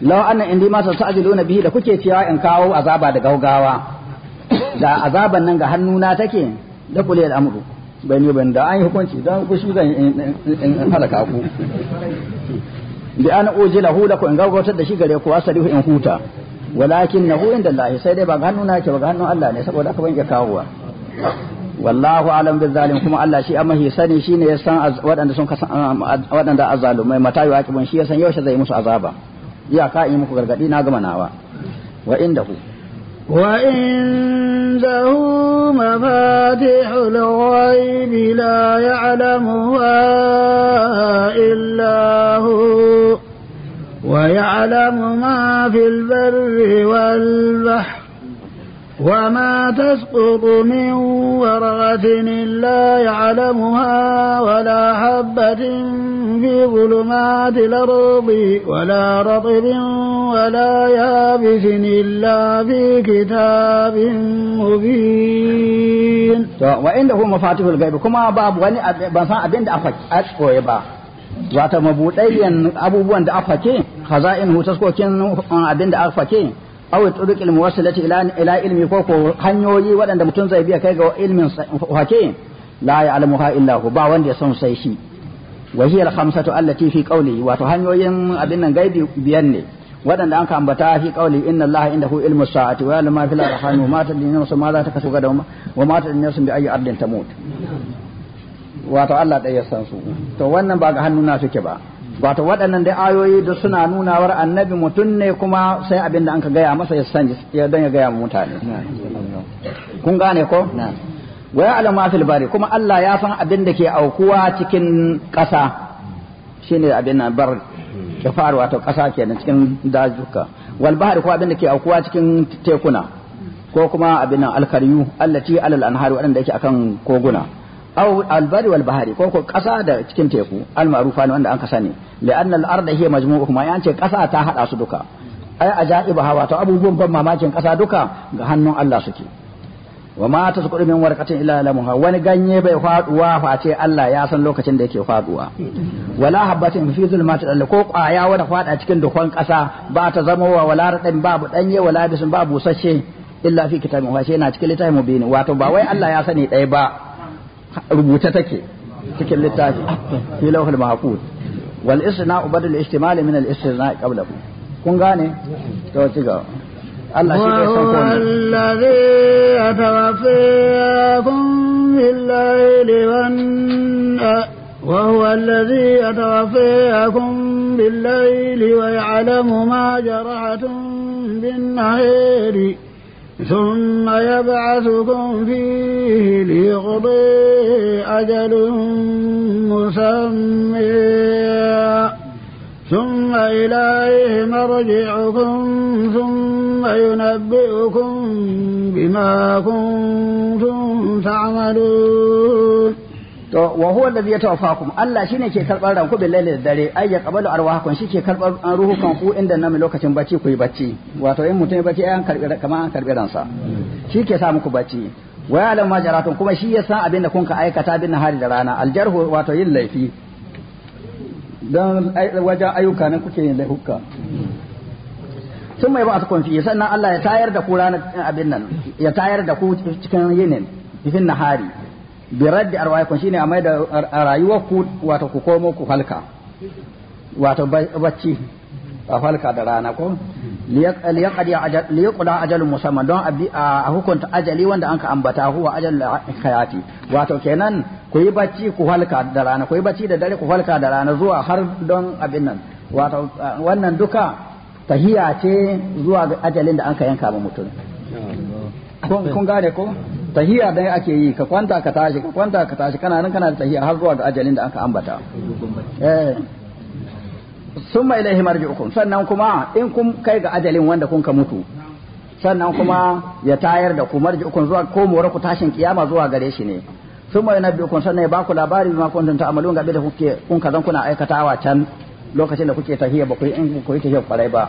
law anna indi ma tasajiluna bihi da kuke cewa in kawo azaba da gaugawa da azaban nan ga hannuna take da kule al'amru bai ne ban da an yi hukunci don ku shi zan in halaka ku bi an ujilahu da ku in gaugautar da shi gare ku asalihu in huta walakin nahu inda Allah sai dai ba ga hannuna ke ba ga hannun Allah ne saboda aka ban iya kawowa wallahu alam bil zalim kuma Allah shi amma sani shine ya san waɗanda sun waɗanda azalumai mata yaqibun shi ya san yaushe zai musu azaba iyaka in muku gargadi na gama nawa wa inda inda wa indahu وعنده مفاتح الغيب لا يعلمها إلا هو ويعلم ما في البر والبحر وما تسقط من ورقة إلا يعلمها ولا حبة في ظلمات الأرض ولا رطب ولا يابس إلا في كتاب مبين وعنده مفاتيح الغيب كما باب وني بنسان أبين دا أفك أشكوه با wata mabuɗayen abubuwan da aka ke khaza'in hu taskokin abin da aka ke aw turuq al muwassilati ila ila ilmi ko ko hanyoyi waɗanda mutum zai biya kai ga ilmin hake la ya'lamuha illa ba wanda ya son sai shi wa hiya al-khamsatu allati fi qawli wato hanyoyin abin nan gaibi biyan ne waɗanda an ka ambata fi qawli inna allaha indahu ilmu sa'ati wa ya'lamu ma fil arham wa ma tadri nafsu ma za ta kasu gada wa ma tadri nafsu bi ayyi ardin tamut wato Allah ɗaya san su to wannan ba ga hannuna suke ba wato waɗannan dai ayoyi da suna nunawar annabi mutum ne kuma sai abin da an ka gaya masa ya sani don ya gaya mutane kun gane ko wa ya'lamu ma fil bari kuma Allah ya san abin da ke aukuwa cikin ƙasa shine abin nan bar ke kifar wato ƙasa kenan cikin dajuka wal bahri ko abin da ke aukuwa cikin tekuna ko kuma abin nan alkaryu allati alal anhari wanda yake akan koguna aw al bari wal bahri ko ko ƙasa da cikin teku al ma'rufa ne wanda an kasa ne li'anna al arda hiya majmu'u kuma ya ce ƙasa ta hada su duka ai ajaibu hawa to abubuwan ban mamakin ƙasa duka ga hannun Allah suke wa ma tasqudu min warqatin ila lamuha wani ganye bai faduwa face Allah ya san lokacin da yake faduwa wala habatin fi zulmati al ko kwaya wanda fada cikin dukan kasa ba ta zama wa wala radin babu danye wala bisin babu sashe illa fi kitabin wa na cikin littafin mubin wato ba wai Allah ya sani dai ba rubuta take cikin littafi fi lawhul mahfuz wal isna ubadul ihtimal min al istisna qablahu kun gane to ci Allah shi ne san ko wannan Allazi atawafi akum billahi liwan wa huwa allazi atawafi akum billahi wa ya'lamu ma jarahatum bin nahiri ثم يبعثكم فيه ليقضي أجل مسمى ثم إليه مرجعكم ثم ينبئكم بما كنتم تعملون to wa huwa alladhi yatawaffakum Allah shine ke karbar ranku bil da dare ai ya qabalu arwahakum shi ke karbar ruhukan ku inda nan lokacin bacci ku yi bacci wato in mutum ya bacci ai an karbi kamar an karbi ransa shi ke sa muku bacci wa ya'lamu ma jaratun kuma shi ya san abin da kun ka aikata bin hari da rana aljarhu wato yin laifi don wajen ayyuka nan kuke yin laifuka sun mai ba su kunfi sannan Allah ya tayar da ku ranar abin nan ya tayar da ku cikin yinin cikin nahari bi raddi shi shine a mai da rayuwar ku wato ku komo ku halka wato bacci a halka da rana ko liyaqda ajalun musamman don a hukunta ajali wanda anka ambata huwa ajalul hayati wato kenan ku yi bacci ku halka da rana ku yi bacci da dare ku halka da rana zuwa har don abin nan wato wannan duka tahiya ce zuwa ga ajalin da anka yanka ma mutum kun gane ko tahiya da ake yi ka kwanta ka tashi ka kwanta ka tashi kana nan kana da tahiya har zuwa ga ajalin da anka ambata eh summa ilaihi marji'ukum sannan kuma in kun kai ga ajalin wanda kun ka mutu sannan kuma ya tayar da ku marji'ukum zuwa ko more ku tashin kiyama zuwa gare shi ne summa yunabbi'ukum sannan ya baku labari bima kuntum ta'malun gabe da kuke kun kazan kuna aikatawa can lokacin da kuke tahiyya ba ku yi in ku yi tahiyya kwarai ba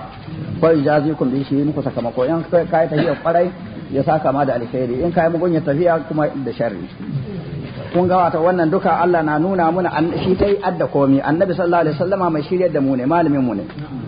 ko jazikum bi shi in saka sakamako in kai tahiyya kwarai ya saka ma da alkhairi in kai mugun ya tafiya kuma da sharri kun ga wata wannan duka Allah na nuna muna shi ta yi adda komi annabi sallallahu alaihi wasallama mai shiryar da mu ne malamin mu ne